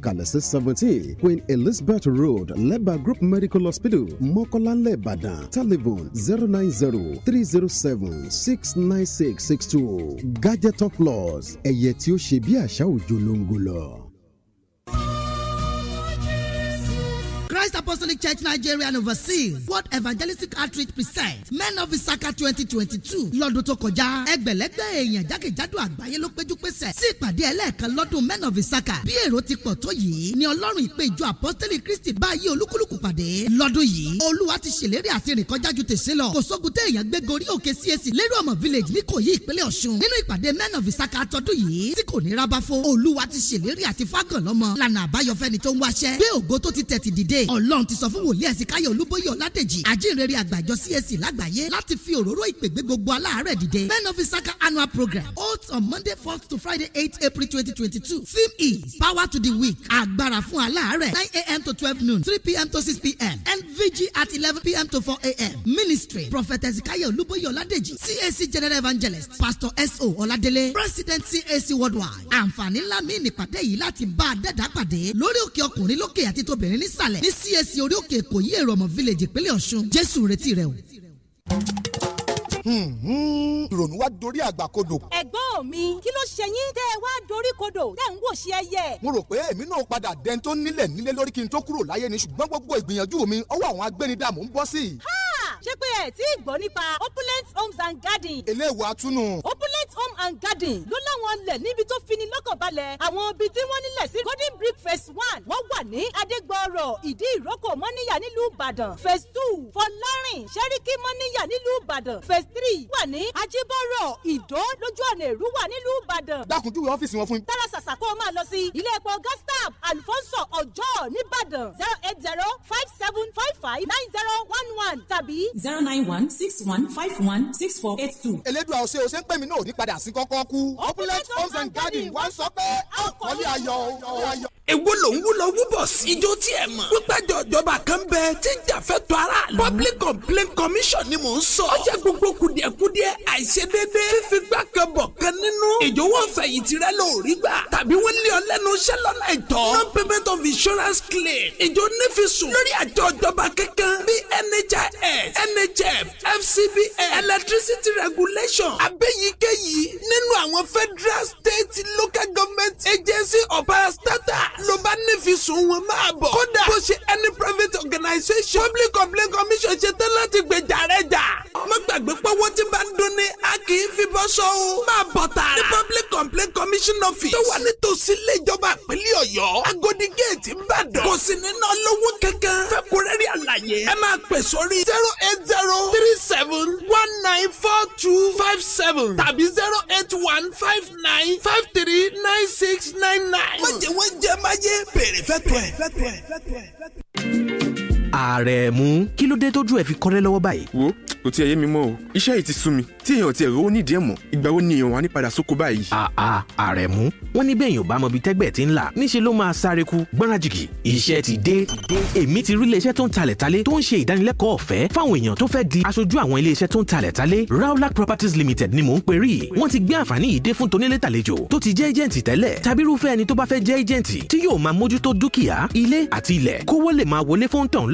ṣèkàlẹ̀ sí seventeen Queen Elizabeth Road Leba Group Medical Hospital Mọ́kọ́lánlẹ̀ Ìbàdàn telephone zero nine zero three zero seven six nine six six two Gadget Plus ẹ̀yẹ tí ó ṣe bí àṣà òjò ló ń gò lọ. Christ Apostolic Church Nigeria and overseas World Evangelistic Outreach Present Men of Isaka 2022. twenty two lọ́dún tó kọjá ẹgbẹ̀lẹ́gbẹ̀ èèyàn jákèjádò àgbáyé ló péjú pésẹ̀ sí ìpàdé ẹlẹ́ẹ̀kan lọ́dún Men of Isaka bí èrò ti pọ̀ tó yìí ni Ọlọ́run ìpè ìjọ Apostolic Christi báyé olúkúlùkù pàdé lọ́dún yìí Olúwa ti ṣèlérí àti rìn kọjá ju tèṣe lọ kò sógun tẹ èèyàn gbé gorí òkè CAC lérò ọmọ village ní Ìkòyí ìpínlẹ̀ Ọ̀ṣun nínú ìpàdé Men of Isaka tọdún yìí tí kò ní rábáfó Olúwa ti ṣèlérí àti fagàn lọ́mọ lànà àbáyọ fẹ́ni tó ń wáṣẹ́ gbé ọlọ́run ti sọ fún wòlíì ẹ̀sìnkáyọ̀ olúbóyè ọ̀ládèjì àjíǹrere àgbàjọ CAC lágbàáyé láti fi òróró ìpègbè gbogbo aláàárẹ̀ dìde men of isaka annual program holds on monday fourth to friday eight april twenty twenty two theme is power to the weak agbára fún aláàárẹ̀ nine a.m. to twelve noon three p.m. to six p.m. NVG at eleven p.m. to four a.m. ministry prophet ẹ̀sìnkáyọ̀ olúbóyè ọ̀ládèjì CAC general evangelist pastor S.O. ọ̀ládélé president CAC worldwide àǹfààní ńlá mi nípàdé yìí láti bá a dẹ́dàá pàdé lórí òkè ọkùnrin lókè àti tóbìnrin CAC e orí òkè èkó yí èrò ọmọ village ìpínlẹ̀ ọ̀ṣun jésù retí rẹ o hmm, ìrònú wa dorí àgbàkodò. ẹ̀gbọ́n mi kí ló ṣe yín tẹ́ ẹ wá dorí kodò tẹ́ ń wò sí ẹyẹ. mo rò pé èmi náà padà dẹ́n tó nílẹ̀ nílé lórí kí n tó kúrò láyé ni ṣùgbọ́n gbogbo ìgbìyànjú mi ọwọ́ àwọn agbénidàmú ń bọ́ sí i. ṣé pé ẹ ti gbọ́ nípa opulent homes and garden. eléwo atúnú. opulent and garden ló láwọn lẹ̀ níbi tó fini lọ́kàn balẹ̀ àwọn ibi tí wọ́n nílẹ̀ sí golden brick phase one wọ́n wà ní adégbọ̀rọ̀ ìdí ìrókò mọ́níyà nílùú ìbàdàn phase two fọlárìn sẹ́ríkì mọ́níyà nílùú ìbàdàn phase three wà ní ajíbọ̀rọ̀ ìdó lójú ọ̀nà èrúwà nílùú ìbàdàn. dákunjú ọ́fíìsì wọn fún mi. tara sàṣà kó o máa lọ sí ilé epo gastap alfonso ọjọ́ nìbàdàn zero eight zero five seven five five nine zero one one tàbí. zero nine one six one five one six four eight two. elédùn àwọn ṣe o ṣe ń pè mí náà ní padà sí sì kọ́kọ́ kú. opulent homes and garden wá sọ pé àkọlé ayọ̀ èwo ló ń wúlọ wúbọ̀ sí ijó tí ẹ mọ̀. pípẹ́jọ ìjọba kan bẹ tí ń jàfẹ́tọ̀ ara public complaint commission ni mò ń sọ. ó jẹ́ gbogbo kùdìẹ̀kudiẹ àìṣedéédé fífigbá kan bọ̀ kan nínú. ìjọ̀wọ́ fẹ̀yìntì rẹ ló rí gbà. tàbí wọ́n lé ọ lẹ́nu iṣẹ́ lọ́nà ìtọ́. non payment of insurance claim. ìjọ nífisùn lórí àjọ ìjọba kankan bí NHIS NHF FCBN electricity regulation abẹ́yíkéyìí nínú àwọn federal state local government agency ọ̀pá-státà ló bá nífi sùn wọn máa bọ̀. kódà bó ṣe any private organisation public complaint commission ṣe tán láti gbèjà rẹ̀ jà. má gbàgbé pọ́wọ́ tí bá ń dún ní a kì í fi bọ́ sọ o. máa bọ̀ tààrà. ní public complaint commission office. tó wà nítòsí ilé ìjọba ìpínlẹ̀ ọ̀yọ́. agodi gẹ̀ẹ́tì ń bàdàn. kò sì nínú olówó kankan. fẹ́kúrẹ́rì àlàyé. ẹ máa pè sórí zero eight zero three seven one nine four two five seven tàbí zero eight one five nine five three nine six nine nine. má jẹ́ wọ́n jẹ́ má yé bèrè fẹ́tọ̀ ẹ̀ fẹ́tọ̀ ẹ̀ fẹ́tọ̀ ẹ̀ fẹ́tọ̀ ẹ̀ ààrẹ mú kí ló dé tójú ẹ fi kọ́rẹ́ lọ́wọ́ báyìí. wo kò tiẹ̀ yé mi mọ́ o iṣẹ́ yìí ti sú mi tí èèyàn ti ẹ̀rọ nídìí ẹ̀ mọ̀ ìgbà wo ni èèyàn wà ní padà sóko báyìí. àà àrẹ̀mú wọn ní bẹ́ẹ̀ bá mọ ibi tẹ́gbẹ́ ti ń là níṣẹ́ ló máa sáré ku gbọ́nrajìkì iṣẹ́ ti dé. èmi ti rí iléeṣẹ́ tó ń talẹ̀ talé tó ń ṣe ìdánilẹ́kọ̀ọ́ ọ̀fẹ́ fáwọn èèyàn tó fẹ́ di aṣojú àwọn iléeṣẹ́ tó ń talẹ̀ talé Raulac Properties Limited ni mò ń perí wọ́n ti gbé àǹfààní yìí dé fún tonílé tàlejò tó ti jẹ́ ẹjẹ̀ǹtì tẹ́lẹ̀ tàbírúfẹ́ ẹni tó bá fẹ́ jẹ́ ẹjẹ̀ǹtì tí yóò máa mójútó dúkìá ilé àti ilẹ̀ kówó lè máa wọlé fún tàn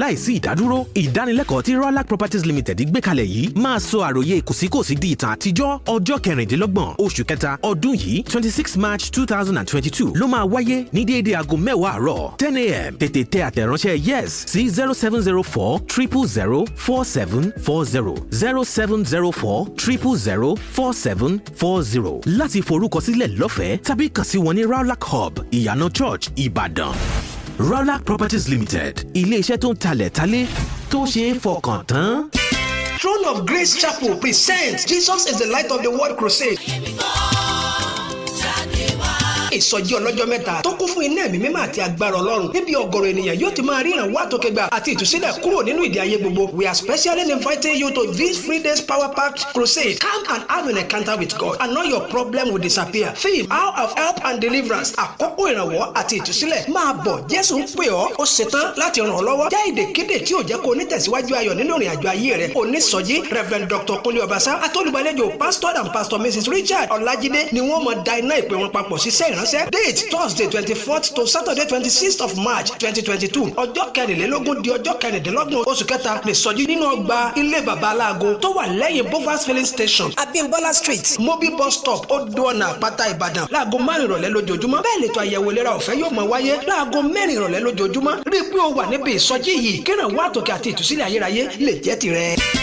Properties Limited gbé kalẹ̀ yìí máa sọ àròyé kòsíkòsí ti di ìtàn àtijọ́ ọjọ́ kẹrìndínlọ́gbọ̀n oṣù kẹta ọdún yìí twenty six march two thousand and twenty two ló máa wáyé ní déédéé aago mẹ́wàá àárọ̀ ten a.m. tètè tẹ àtẹ̀ránṣẹ́ yes sí zero seven zero four triple zero four seven four zero zero seven zero four triple zero four seven four zero láti forúkọsílẹ̀ lọ́fẹ̀ẹ́ tàbí kàn sí wọn ní Rawlac Hub ìyànà church Ìbàdàn Rawlac Properties Limited ilé iṣẹ́ tó ń talẹ̀ talé tó ṣeé fọkàn tán. Throne of Grace Chapel presents Jesus is the Light of the World Crusade ìsọjí ọlọ́jọ́ mẹ́ta tó kún fún iná ẹ̀mí mímọ́ àti agbára ọlọ́run níbi ọ̀gọ̀rọ̀ ènìyàn yóò ti máa rí ìrànwọ́ àtòkègbà àti ìtúsílẹ̀ kúrò nínú ìdí ayé gbogbo we are specially inviting you to this three days power packed crusade come and have an encounter with God and all your problem will disappear theme how of help and deliverance àkókò ìrànwọ́ àti ìtúsílẹ̀ máa bọ̀ jésù ń pè ọ́ ó ṣetán láti ràn ọ́ lọ́wọ́ já èdèkéde tí ò jẹ́ kó onítẹ̀síwájú ayọ̀ nínú ìrìn àjò ayé rẹ̀ onísọjí pastor and pastor mrs richard ọlájídé ni wọ́n mọ̀ da iná ìpè wọn papọ̀ ìránṣẹ́ date thursday twenty fourth to saturday twenty sixth of march twenty twenty two ọjọ́ kẹrìnlélógún di ọjọ́ kẹrìndínlọ́gbọ̀n oṣù kẹta lè sọjí nínú ọgbà ilé baba aláago tó wà lẹ́yìn bovas filling station abimbola street mobi bus stop odò ọ̀nà àpáta ìbàdàn láago márùn ìrọ̀lẹ́ lójoojúmọ́ bẹ́ẹ̀ lètò àyẹ̀wò ìlera ọ̀fẹ́ yóò máa wáyé láago mẹ́rin ìrọ̀lẹ́ lójoojúmọ́ rí i pé o wà níbi ìsọjí yìí kíràn wá àtòkè àti ìtúsílẹ̀ ayérayé lè jẹ́ tirẹ̀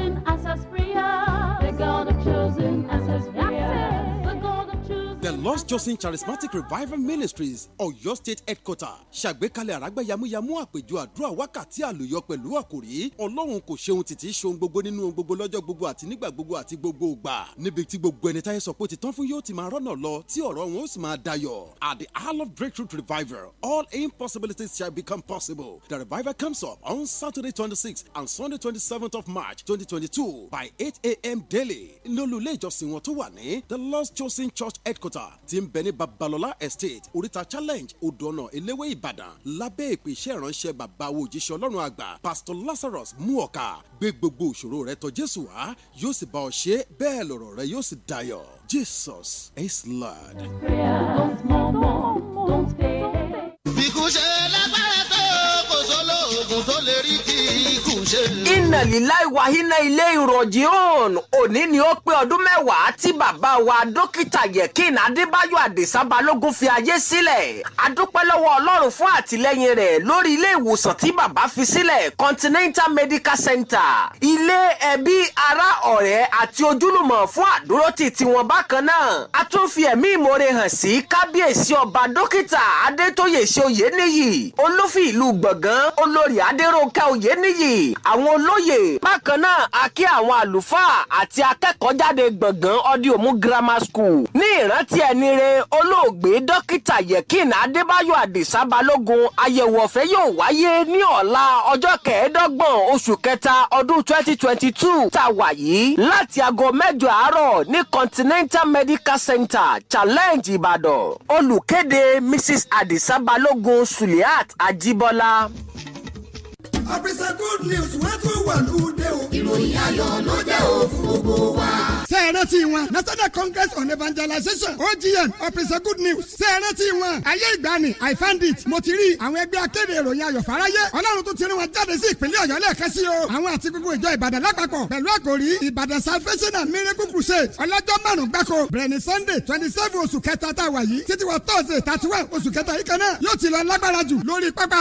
Lost Johnson Charismatic Revival Ministries Ọ̀yọ́ State Headquarter ṣàgbékalẹ̀ àràgbá yamuyamu àpèjọ àdúrà wákàtí àlòyọ pẹ̀lú àkòrí Ọlọ́run kò ṣeun títí ṣeun gbogbo nínú ohun gbogbo lọ́jọ́ gbogbo àti nígbà gbogbo àti gbogbo gbà níbi tí gbogbo ẹni táyé sọ pé ó ti tán fún yóò ti máa rọ́nà lọ tí ọ̀rọ̀ wọn ó sì máa dayọ̀ at the Hall of Breakthrough Revival all impossibilities shall become possible the revival comes up on Saturday twenty-sixth and Sunday twenty-seventh of March twenty twenty-two by eight a.m. daily lólulẹ̀ ìjọsìn wọn tó wà ní the Lord Johnson Church Headquarter tí ń bẹ ní babalọla estate oríta challenge odòànà eléwé ìbàdàn lábẹ́ ìpè iṣẹ́ ìránṣẹ́ bàbá wo òjíṣẹ́ ọlọ́run àgbà pastor lazarus muoka gbé gbogbo òṣòro rẹ tọ jésù wá yóò sì bá ọ ṣe bẹ́ẹ̀ lọ̀rọ̀ rẹ yóò sì dayọ̀ jesus is lord. bí lágbára tó kò sólóògùn tó lè rí kí ikú innalillahi wa inna ilaihi raji'un òní ni ó pé ọdún mẹ́wàá tí bàbá wa dókítà Yẹ̀kín Adébáyọ̀ Àdìsá Balógun fi ayé sílẹ̀ adúpẹ́ lọ́wọ́ Ọlọ́run fún àtìlẹ́yìn rẹ̀ lórí ilé ìwòsàn tí bàbá fi sílẹ̀ Continental Medical Center ilé ẹbí ará ọ̀rẹ́ àti ojúlùmọ̀ fún àdúrótì tiwọn bákan náà a tún fi ẹ̀mí ìmoore hàn sí kábíyèsí ọba dókítà Adétóyè Ṣoyèníyì olófin ìlú Gbọ̀ngán olórí Adéròǹkẹ́ Oyèníyì àwọn olóyè olóyè. bákan náà a kí àwọn àlùfáà àti akẹ́kọ̀ọ́ jáde gbọ̀ngàn ọdíòmù grammar school. ní ìrántí ẹni re olóògbé dókítà yekin adébáyọ̀ àdìsá balógun àyẹ̀wò ọ̀fẹ́ yóò wáyé ní ọ̀la ọjọ́ kẹẹ̀ẹ́dọ́gbọ̀n oṣù kẹta ọdún twenty twenty two tá wà yìí láti aago mẹ́jọ àárọ̀ ní continental medical center challenge ìbàdàn olùkéde mrs àdìsá balógun suliat ajíbọ́lá àpèsè good news wọ́n tún wà lóde o. ìròyìn ayọ̀ ló jẹ́ òfin gbogbo wa ṣe é rántí wọn national congress on evangelization ogm ọ̀pẹ̀sẹ̀ good news ṣe é rántí wọn ayé ìgbani i found it mo ti rí àwọn ẹgbẹ́ akéde ìròyìn ayọ̀ fáráyé ọlọ́run tó ti rí wọn jáde sí ìpínlẹ̀ ọ̀yọ́ lẹ́ẹ̀kan sí o àwọn àti gbogbo ìjọ ìbàdàn lápapọ̀ pẹ̀lú àkòrí ìbàdàn salvation and miracle crusade ọlọ́jọ́ márùn-ún gbáko bẹ̀rẹ̀ sunday twenty seven oṣù kẹta tá a wà yìí títí wọ thursday thirty one oṣù kẹta yìí kan náà yóò ti lọ lágbára jù lórí pápá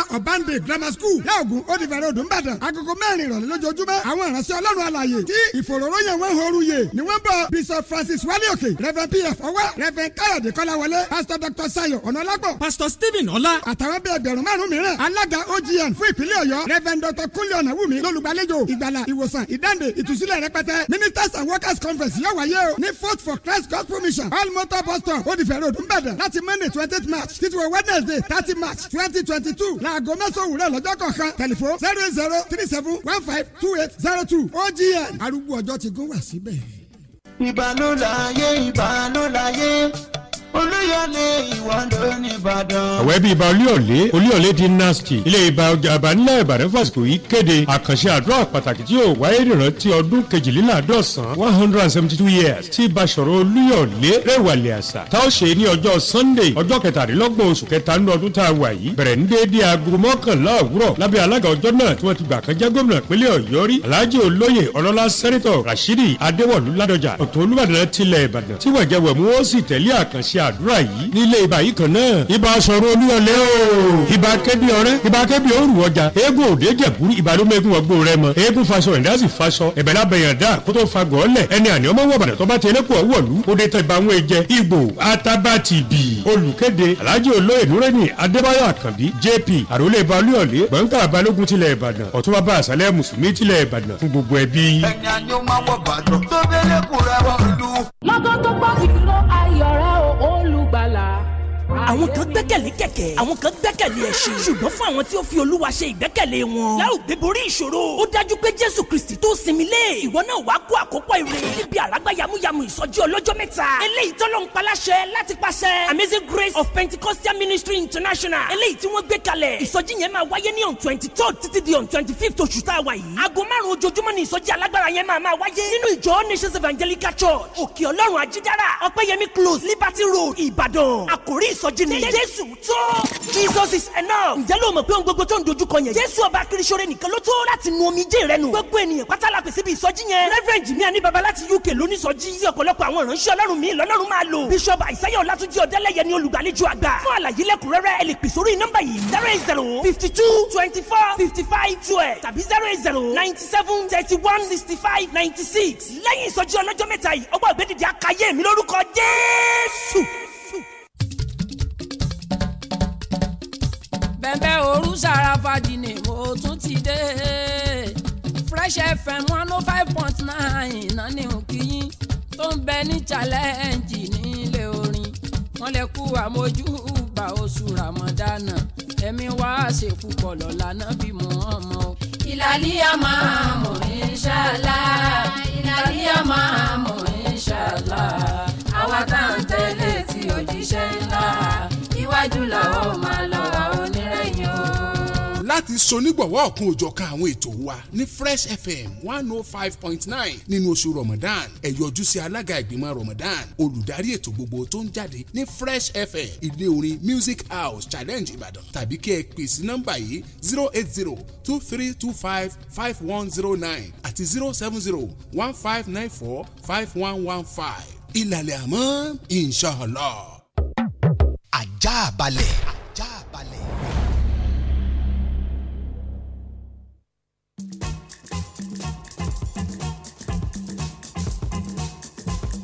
grammar school láògùn òdìbẹ̀rẹ̀ odùnbàdàn agogo mẹ́rin ìrọ̀lẹ́ lójoojúmọ́ àwọn ìránṣẹ́ ọlọ́run alààyè tí ìfòròróyè wọn horuye ni wọ́n bọ̀ bishop francis wálíòkè reverend pf ọwẹ́ reverend káyọ̀dé kọ́láwọlé pastor dr sayo ọ̀nàlágbọ̀ pastor stephen ọlá àtàwọn bíi ẹgbẹ̀rún márùn mìíràn alága ogn fún ìpínlẹ̀ ọ̀yọ́ reverend dr kúnlẹ̀ ọ̀nàwùmí lólùgbàlejò ìgbàlà ìwòsàn ìdáǹdè ìtúsílẹ̀ rẹpẹtẹ ministers and workers conference yóò wáyé o ní fourth for christ gospel mission all motor bus stop odìfẹ́ road ńbàdàn láti monday twenty eight march títí wọ wednesday thirty march twenty twenty two láago mẹ́sàn-án òwúrọ̀ lọ́jọ́ kọ̀ọ̀kan tẹlifon zero zero three seven one five two eight zero two ogn arúgbó ọjọ́ ti gún wá síbẹ̀ ìbálòláyé ìbálòláyé olùyọ̀lé bíi ibà olúyọ̀lé olúyọ̀lé di nasty ilé ìbà ọjà àbánílẹ̀ ìbàdàn fásitì yìí kéde àkànṣe àdúrà pàtàkì tí yóò wáyé ìrántí ọdún kejìléláàádọ́sán one hundred and seventy two years tí Basọ̀rọ̀ olúyọ̀lé rẹ̀wàlẹ̀ àṣà tá ó ṣe ní ọjọ́ sunday ọjọ́ kẹtàdínlọ́gbọ̀n oṣù kẹta nínú ọdún tá a wà yìí bẹ̀rẹ̀ ní déédéé aago mọ́kànlá òwúrọ̀ lábẹ́ alága ọjọ́ náà tí àdúrà yìí nílé ibà yìí kan náà ibà sọ̀rọ̀ olúwọlé o ibà kébì ọ̀rẹ́ ibà kébì òru ọjà eégún òde jẹ̀búrú ibà ló mẹ́gun ọgbó rẹ mọ eégún faṣọ ìdásí faṣọ ẹ̀bẹ̀ lábẹ̀yàn dá kó tó fa gọ́ọ̀lẹ̀ ẹni àní ọmọ wọ̀ bàdàn tó bá ti ẹlẹ́kùn ọ̀wọ̀lú òde tẹ̀ bá wọn jẹ igbó atabati bì olùkéde alhaji olóyè nureni jp àròlé balúọ̀lé gbọ̀ǹkà balógun tilẹ̀ ìbàdàn ọ̀tún bàbá àṣálẹ̀ mùsùlùmí tilẹ̀ ìbàdàn fún gbogbo ẹbí. ẹni àní ó máa wọ bàdàn tó bẹ́lẹ̀ kúrẹ́ wọn lù. lọ́gọ́ ayọ̀ rẹ̀ àwọn kan gbẹ́kẹ̀lé kẹ̀kẹ́ àwọn kan gbẹ́kẹ̀lé ẹṣin ṣùgbọ́n fún àwọn tí ó fi olúwa ṣe ìgbẹ́kẹ̀lé wọn láò gbé borí ìṣòro ó dájú pé jésù kristi tó sinmi lé ìwọ náà wàá kó àkópọ̀ ire níbi àlágbá yamuyamu ìsọjí ọlọ́jọ́ mẹ́ta eléyìí tọ́lọ́ ń paláṣẹ láti pàṣẹ amazing grace of pentecostal ministry international eléyìí tí wọ́n gbé kalẹ̀ ìsọjí yẹn máa wáyé ní on twenty third títí di on twenty fifth oṣù tá a wà yìí aago márùn ojoojúmọ́ ni ìsọjí alágbára yẹn nations evangelical church òkè ọlọ́run àjídára ọpẹ́yẹmí close liberty road ìbàdàn àkòrí ìsọjí ìsọjí ni. jésù tó. jesus is enough. ǹjẹ́ ló mọ̀ pé ohun gbogbo tó ń dojúkọ yẹn. jésù ọba kirisore nìkan ló tó láti nu omijé rẹ nù. gbogbo ènìyàn pátá la pèsè bí ìsọjí yẹn. reverend jimmy ani baba láti uk ló ní sọjí. sí ọ̀pọ̀lọpọ̀ àwọn ìránṣẹ́ ọlọ́run mi lọ́lọ́run máa lò. bishop àìsáyà ọlátúnjí ọ̀dẹ́lẹ̀yẹ ni olùgbàlejò àgbà. fún àlàyé lẹ́kùnrẹ́rẹ́ ẹ lè pè sórí nọ́mbà yìí. zero eight zero fifty two twenty four fifty five twelve tàbí zero zero ninety seven thirty one sixty five ninety six. lẹ́yìn ìsọjí ọlọ́jọ́ mẹ́ta yìí ọgbọ́n ìgbẹ́dìde àkàyé mi lórúkọ jésù. bẹ́ẹ̀ òru ṣàràfàjì ni mo tún ti dé Fresh FM one oh five point nine nání òkìyín tó ń bẹ ní challenge nílé orin wọ́n lè kú àmójú bá oṣù ramadana ẹ̀mí wá ṣèkú pọ̀ lọ́la náà bí mo hàn mọ́. ìlàlí a máa mọ̀ inṣàlá ìlàlí a máa mọ̀ inṣàlá àwa tá à ń tẹ́lẹ̀ tí òjíṣẹ́ ńlá iwájú làwọn máa lọ àwọn láti sonígbọ̀wọ́ ọ̀kan òjọ̀kan àwọn ètò wa ní Fresh FM one oh five point nine nínú oṣù Ramadan ẹ yọjú sí alága ìgbìmọ̀ Ramadan olùdarí ètò gbogbo tó ń jáde ní Fresh FM ilé orin Music House Challenge Ìbàdàn tàbí kí ẹ pè sí nọ́mbà yìí zero eight zero two three two five five one zero nine àti zero seven zero one five nine four five one one five ìlàlẹ̀ àmọ́ inshallah. ajá balẹ̀.